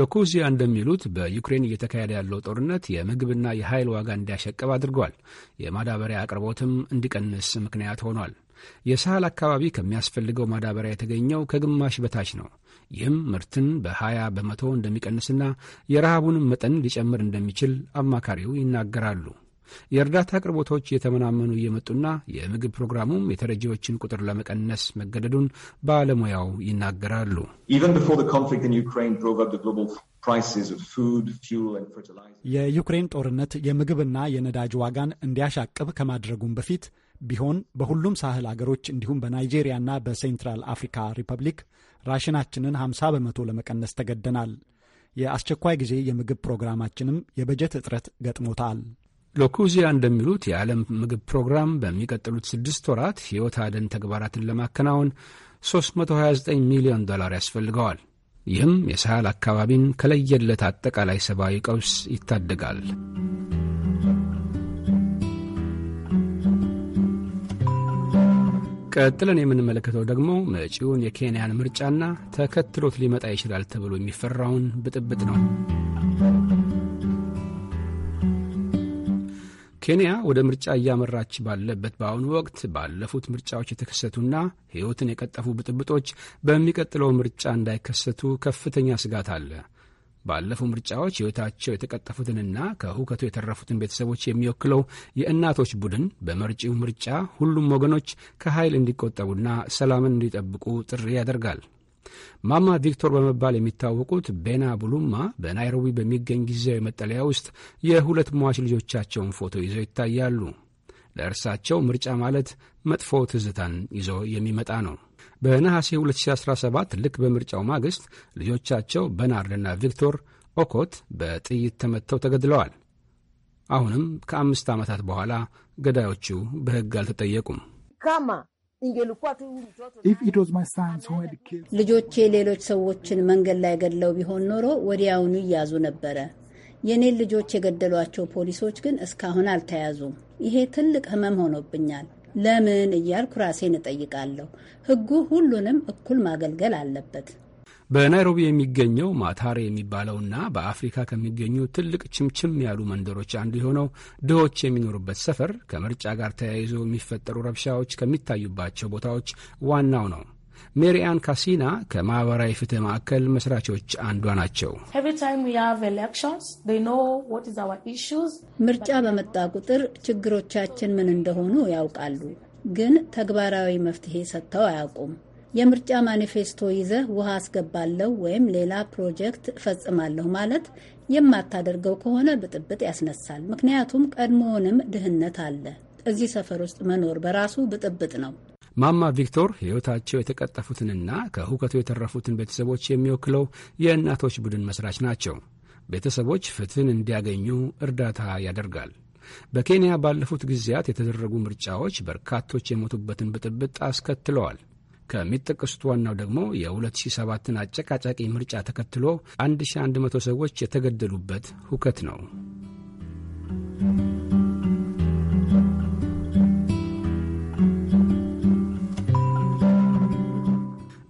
ሎኮዚያ እንደሚሉት በዩክሬን እየተካሄደ ያለው ጦርነት የምግብና የኃይል ዋጋ እንዲያሸቅብ አድርጓል። የማዳበሪያ አቅርቦትም እንዲቀንስ ምክንያት ሆኗል። የሳህል አካባቢ ከሚያስፈልገው ማዳበሪያ የተገኘው ከግማሽ በታች ነው። ይህም ምርትን በ20 በመቶ እንደሚቀንስና የረሃቡንም መጠን ሊጨምር እንደሚችል አማካሪው ይናገራሉ። የእርዳታ አቅርቦቶች እየተመናመኑ እየመጡና የምግብ ፕሮግራሙም የተረጂዎችን ቁጥር ለመቀነስ መገደዱን ባለሙያው ይናገራሉ። የዩክሬን ጦርነት የምግብና የነዳጅ ዋጋን እንዲያሻቅብ ከማድረጉም በፊት ቢሆን በሁሉም ሳህል አገሮች እንዲሁም በናይጄሪያና በሴንትራል አፍሪካ ሪፐብሊክ ራሽናችንን 50 በመቶ ለመቀነስ ተገደናል። የአስቸኳይ ጊዜ የምግብ ፕሮግራማችንም የበጀት እጥረት ገጥሞታል። ሎኩዚያ እንደሚሉት የዓለም ምግብ ፕሮግራም በሚቀጥሉት ስድስት ወራት ሕይወት አደን ተግባራትን ለማከናወን 329 ሚሊዮን ዶላር ያስፈልገዋል። ይህም የሳህል አካባቢን ከለየለት አጠቃላይ ሰብአዊ ቀውስ ይታደጋል። ቀጥለን የምንመለከተው ደግሞ መጪውን የኬንያን ምርጫና ተከትሎት ሊመጣ ይችላል ተብሎ የሚፈራውን ብጥብጥ ነው። ኬንያ ወደ ምርጫ እያመራች ባለበት በአሁኑ ወቅት ባለፉት ምርጫዎች የተከሰቱና ሕይወትን የቀጠፉ ብጥብጦች በሚቀጥለው ምርጫ እንዳይከሰቱ ከፍተኛ ስጋት አለ። ባለፉ ምርጫዎች ሕይወታቸው የተቀጠፉትንና ከሁከቱ የተረፉትን ቤተሰቦች የሚወክለው የእናቶች ቡድን በመርጪው ምርጫ ሁሉም ወገኖች ከኃይል እንዲቆጠቡና ሰላምን እንዲጠብቁ ጥሪ ያደርጋል። ማማ ቪክቶር በመባል የሚታወቁት ቤና ቡሉማ በናይሮቢ በሚገኝ ጊዜያዊ መጠለያ ውስጥ የሁለት ሟች ልጆቻቸውን ፎቶ ይዘው ይታያሉ። ለእርሳቸው ምርጫ ማለት መጥፎ ትዝታን ይዞ የሚመጣ ነው። በነሐሴ 2017 ልክ በምርጫው ማግስት ልጆቻቸው በናርድና ቪክቶር ኦኮት በጥይት ተመትተው ተገድለዋል። አሁንም ከአምስት ዓመታት በኋላ ገዳዮቹ በሕግ አልተጠየቁም። ልጆቼ ሌሎች ሰዎችን መንገድ ላይ ገድለው ቢሆን ኖሮ ወዲያውኑ ይያዙ ነበረ። የእኔን ልጆች የገደሏቸው ፖሊሶች ግን እስካሁን አልተያዙም። ይሄ ትልቅ ህመም ሆኖብኛል። ለምን እያልኩ ራሴን እጠይቃለሁ። ህጉ ሁሉንም እኩል ማገልገል አለበት። በናይሮቢ የሚገኘው ማታሬ የሚባለውና በአፍሪካ ከሚገኙ ትልቅ ችምችም ያሉ መንደሮች አንዱ የሆነው ድሆች የሚኖሩበት ሰፈር ከምርጫ ጋር ተያይዞ የሚፈጠሩ ረብሻዎች ከሚታዩባቸው ቦታዎች ዋናው ነው። ሜሪያን ካሲና ከማህበራዊ ፍትህ ማዕከል መስራቾች አንዷ ናቸው። ምርጫ በመጣ ቁጥር ችግሮቻችን ምን እንደሆኑ ያውቃሉ፣ ግን ተግባራዊ መፍትሄ ሰጥተው አያውቁም። የምርጫ ማኒፌስቶ ይዘህ ውሃ አስገባለሁ ወይም ሌላ ፕሮጀክት እፈጽማለሁ ማለት የማታደርገው ከሆነ ብጥብጥ ያስነሳል። ምክንያቱም ቀድሞውንም ድህነት አለ። እዚህ ሰፈር ውስጥ መኖር በራሱ ብጥብጥ ነው። ማማ ቪክቶር ሕይወታቸው የተቀጠፉትንና ከሁከቱ የተረፉትን ቤተሰቦች የሚወክለው የእናቶች ቡድን መስራች ናቸው። ቤተሰቦች ፍትህን እንዲያገኙ እርዳታ ያደርጋል። በኬንያ ባለፉት ጊዜያት የተደረጉ ምርጫዎች በርካቶች የሞቱበትን ብጥብጥ አስከትለዋል። ከሚጠቀሱት ዋናው ደግሞ የ2007ን አጨቃጫቂ ምርጫ ተከትሎ 1100 ሰዎች የተገደሉበት ሁከት ነው።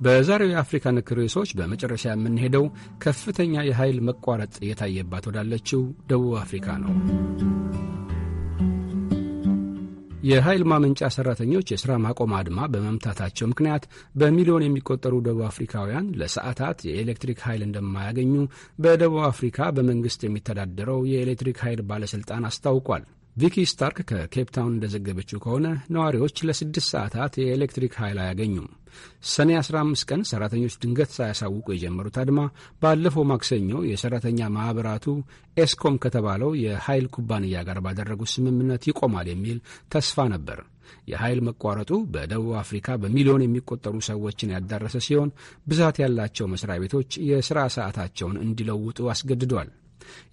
በዛሬው የአፍሪካ ነክ ርዕሶች በመጨረሻ የምንሄደው ከፍተኛ የኃይል መቋረጥ እየታየባት ወዳለችው ደቡብ አፍሪካ ነው። የኃይል ማመንጫ ሰራተኞች የሥራ ማቆም አድማ በመምታታቸው ምክንያት በሚሊዮን የሚቆጠሩ ደቡብ አፍሪካውያን ለሰዓታት የኤሌክትሪክ ኃይል እንደማያገኙ በደቡብ አፍሪካ በመንግሥት የሚተዳደረው የኤሌክትሪክ ኃይል ባለሥልጣን አስታውቋል። ቪኪ ስታርክ ከኬፕታውን እንደዘገበችው ከሆነ ነዋሪዎች ለስድስት ሰዓታት የኤሌክትሪክ ኃይል አያገኙም። ሰኔ 15 ቀን ሰራተኞች ድንገት ሳያሳውቁ የጀመሩት አድማ ባለፈው ማክሰኞ የሰራተኛ ማኅበራቱ ኤስኮም ከተባለው የኃይል ኩባንያ ጋር ባደረጉት ስምምነት ይቆማል የሚል ተስፋ ነበር። የኃይል መቋረጡ በደቡብ አፍሪካ በሚሊዮን የሚቆጠሩ ሰዎችን ያዳረሰ ሲሆን ብዛት ያላቸው መስሪያ ቤቶች የሥራ ሰዓታቸውን እንዲለውጡ አስገድዷል።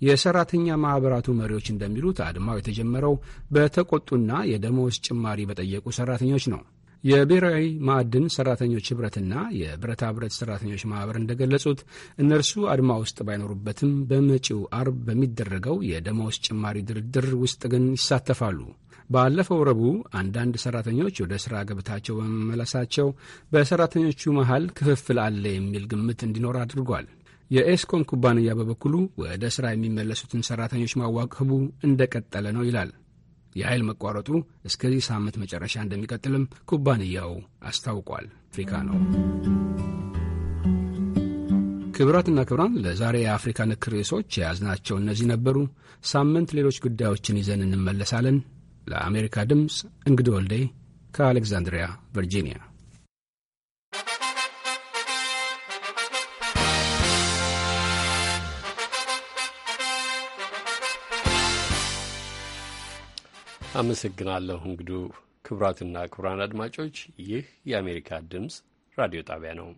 የሰራተኛ ማህበራቱ መሪዎች እንደሚሉት አድማው የተጀመረው በተቆጡና የደሞዝ ጭማሪ በጠየቁ ሰራተኞች ነው። የብሔራዊ ማዕድን ሰራተኞች ኅብረትና የብረታ ብረት ሰራተኞች ማኅበር እንደገለጹት እነርሱ አድማ ውስጥ ባይኖሩበትም በመጪው አርብ በሚደረገው የደሞዝ ጭማሪ ድርድር ውስጥ ግን ይሳተፋሉ። ባለፈው ረቡዕ አንዳንድ ሰራተኞች ወደ ሥራ ገብታቸው በመመለሳቸው በሰራተኞቹ መሃል ክፍፍል አለ የሚል ግምት እንዲኖር አድርጓል። የኤስኮም ኩባንያ በበኩሉ ወደ ሥራ የሚመለሱትን ሠራተኞች ማዋከቡ እንደቀጠለ ነው ይላል። የኃይል መቋረጡ እስከዚህ ሳምንት መጨረሻ እንደሚቀጥልም ኩባንያው አስታውቋል። አፍሪካ ነው። ክብራትና ክብራን ለዛሬ የአፍሪካ ንክ ርዕሶች የያዝናቸው እነዚህ ነበሩ። ሳምንት ሌሎች ጉዳዮችን ይዘን እንመለሳለን። ለአሜሪካ ድምፅ እንግዲህ ወልዴ ከአሌክዛንድሪያ ቨርጂኒያ አመሰግናለሁ እንግዱ። ክቡራትና ክቡራን አድማጮች ይህ የአሜሪካ ድምፅ ራዲዮ ጣቢያ ነው።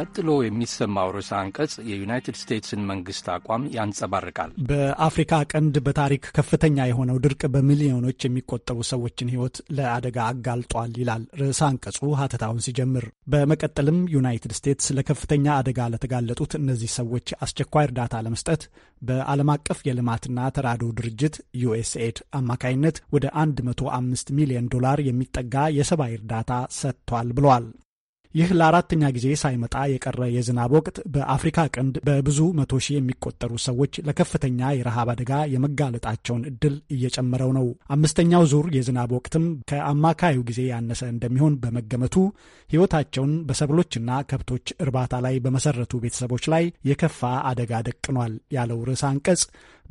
ቀጥሎ የሚሰማው ርዕሰ አንቀጽ የዩናይትድ ስቴትስን መንግስት አቋም ያንጸባርቃል። በአፍሪካ ቀንድ በታሪክ ከፍተኛ የሆነው ድርቅ በሚሊዮኖች የሚቆጠሩ ሰዎችን ሕይወት ለአደጋ አጋልጧል ይላል ርዕሰ አንቀጹ ሀተታውን ሲጀምር። በመቀጠልም ዩናይትድ ስቴትስ ለከፍተኛ አደጋ ለተጋለጡት እነዚህ ሰዎች አስቸኳይ እርዳታ ለመስጠት በዓለም አቀፍ የልማትና ተራድኦ ድርጅት ዩኤስኤድ አማካይነት ወደ 105 ሚሊዮን ዶላር የሚጠጋ የሰብአዊ እርዳታ ሰጥቷል ብለዋል። ይህ ለአራተኛ ጊዜ ሳይመጣ የቀረ የዝናብ ወቅት በአፍሪካ ቀንድ በብዙ መቶ ሺህ የሚቆጠሩ ሰዎች ለከፍተኛ የረሃብ አደጋ የመጋለጣቸውን እድል እየጨመረው ነው። አምስተኛው ዙር የዝናብ ወቅትም ከአማካዩ ጊዜ ያነሰ እንደሚሆን በመገመቱ ሕይወታቸውን በሰብሎችና ከብቶች እርባታ ላይ በመሰረቱ ቤተሰቦች ላይ የከፋ አደጋ ደቅኗል ያለው ርዕሰ አንቀጽ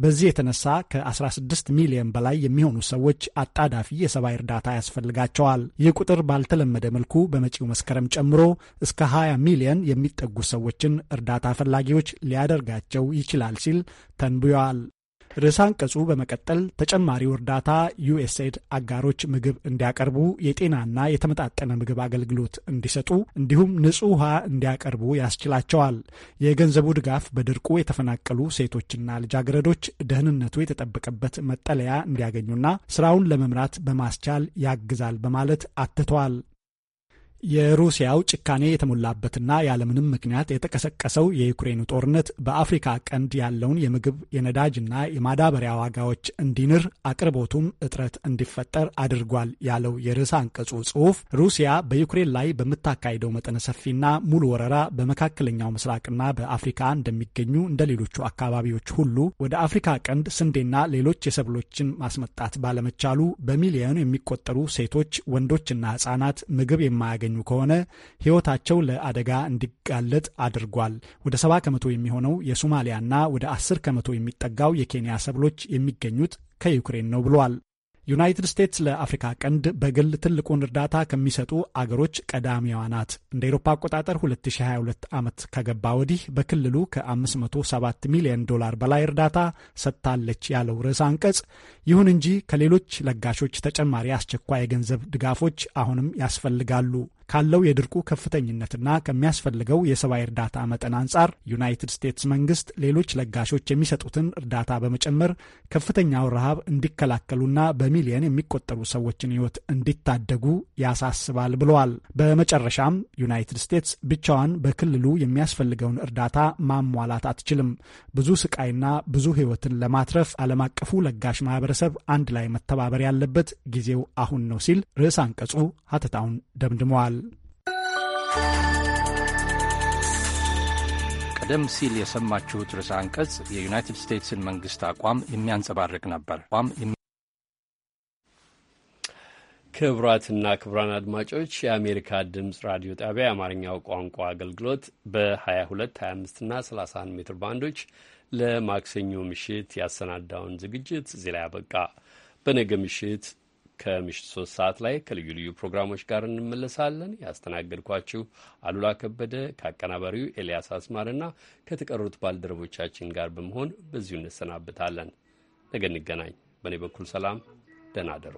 በዚህ የተነሳ ከ16 ሚሊዮን በላይ የሚሆኑ ሰዎች አጣዳፊ የሰብአዊ እርዳታ ያስፈልጋቸዋል። ይህ ቁጥር ባልተለመደ መልኩ በመጪው መስከረም ጨምሮ እስከ 20 ሚሊዮን የሚጠጉ ሰዎችን እርዳታ ፈላጊዎች ሊያደርጋቸው ይችላል ሲል ተንብዮአል። ርዕሰ አንቀጹ በመቀጠል ተጨማሪው እርዳታ ዩኤስኤድ አጋሮች ምግብ እንዲያቀርቡ፣ የጤናና የተመጣጠነ ምግብ አገልግሎት እንዲሰጡ እንዲሁም ንጹህ ውሃ እንዲያቀርቡ ያስችላቸዋል። የገንዘቡ ድጋፍ በድርቁ የተፈናቀሉ ሴቶችና ልጃገረዶች ደህንነቱ የተጠበቀበት መጠለያ እንዲያገኙና ስራውን ለመምራት በማስቻል ያግዛል በማለት አትተዋል። የሩሲያው ጭካኔ የተሞላበትና ያለምንም ምክንያት የተቀሰቀሰው የዩክሬኑ ጦርነት በአፍሪካ ቀንድ ያለውን የምግብ የነዳጅና የማዳበሪያ ዋጋዎች እንዲንር አቅርቦቱም እጥረት እንዲፈጠር አድርጓል ያለው የርዕሰ አንቀጹ ጽሑፍ ሩሲያ በዩክሬን ላይ በምታካሂደው መጠነ ሰፊና ሙሉ ወረራ በመካከለኛው ምስራቅና በአፍሪካ እንደሚገኙ እንደ ሌሎቹ አካባቢዎች ሁሉ ወደ አፍሪካ ቀንድ ስንዴና ሌሎች የሰብሎችን ማስመጣት ባለመቻሉ በሚሊዮን የሚቆጠሩ ሴቶች፣ ወንዶችና ህጻናት ምግብ የማያገኙ ያልተገኙ ከሆነ ሕይወታቸው ለአደጋ እንዲጋለጥ አድርጓል። ወደ ሰባ ከመቶ የሚሆነው የሶማሊያና ወደ አስር ከመቶ የሚጠጋው የኬንያ ሰብሎች የሚገኙት ከዩክሬን ነው ብሏል። ዩናይትድ ስቴትስ ለአፍሪካ ቀንድ በግል ትልቁን እርዳታ ከሚሰጡ አገሮች ቀዳሚዋ ናት። እንደ ኤሮፓ አቆጣጠር 2022 ዓመት ከገባ ወዲህ በክልሉ ከ507 ሚሊዮን ዶላር በላይ እርዳታ ሰጥታለች ያለው ርዕስ አንቀጽ፣ ይሁን እንጂ ከሌሎች ለጋሾች ተጨማሪ አስቸኳይ የገንዘብ ድጋፎች አሁንም ያስፈልጋሉ። ካለው የድርቁ ከፍተኝነትና ከሚያስፈልገው የሰብአዊ እርዳታ መጠን አንጻር ዩናይትድ ስቴትስ መንግስት ሌሎች ለጋሾች የሚሰጡትን እርዳታ በመጨመር ከፍተኛው ረሃብ እንዲከላከሉና በሚሊየን የሚቆጠሩ ሰዎችን ህይወት እንዲታደጉ ያሳስባል ብለዋል። በመጨረሻም ዩናይትድ ስቴትስ ብቻዋን በክልሉ የሚያስፈልገውን እርዳታ ማሟላት አትችልም። ብዙ ስቃይና ብዙ ህይወትን ለማትረፍ ዓለም አቀፉ ለጋሽ ማህበረሰብ አንድ ላይ መተባበር ያለበት ጊዜው አሁን ነው ሲል ርዕስ አንቀጹ ሀተታውን ደምድመዋል። ቀደም ሲል የሰማችሁት ርዕሰ አንቀጽ የዩናይትድ ስቴትስን መንግስት አቋም የሚያንጸባርቅ ነበር። ክቡራትና ክቡራን አድማጮች የአሜሪካ ድምፅ ራዲዮ ጣቢያ የአማርኛው ቋንቋ አገልግሎት በ22፣ 25ና 31 ሜትር ባንዶች ለማክሰኞ ምሽት ያሰናዳውን ዝግጅት እዚህ ላይ አበቃ። በነገ ምሽት ከምሽት ሶስት ሰዓት ላይ ከልዩ ልዩ ፕሮግራሞች ጋር እንመለሳለን። ያስተናገድኳችሁ አሉላ ከበደ ከአቀናባሪው ኤልያስ አስማርና ከተቀሩት ባልደረቦቻችን ጋር በመሆን በዚሁ እንሰናብታለን። ነገ እንገናኝ። በእኔ በኩል ሰላም፣ ደህና አደሩ።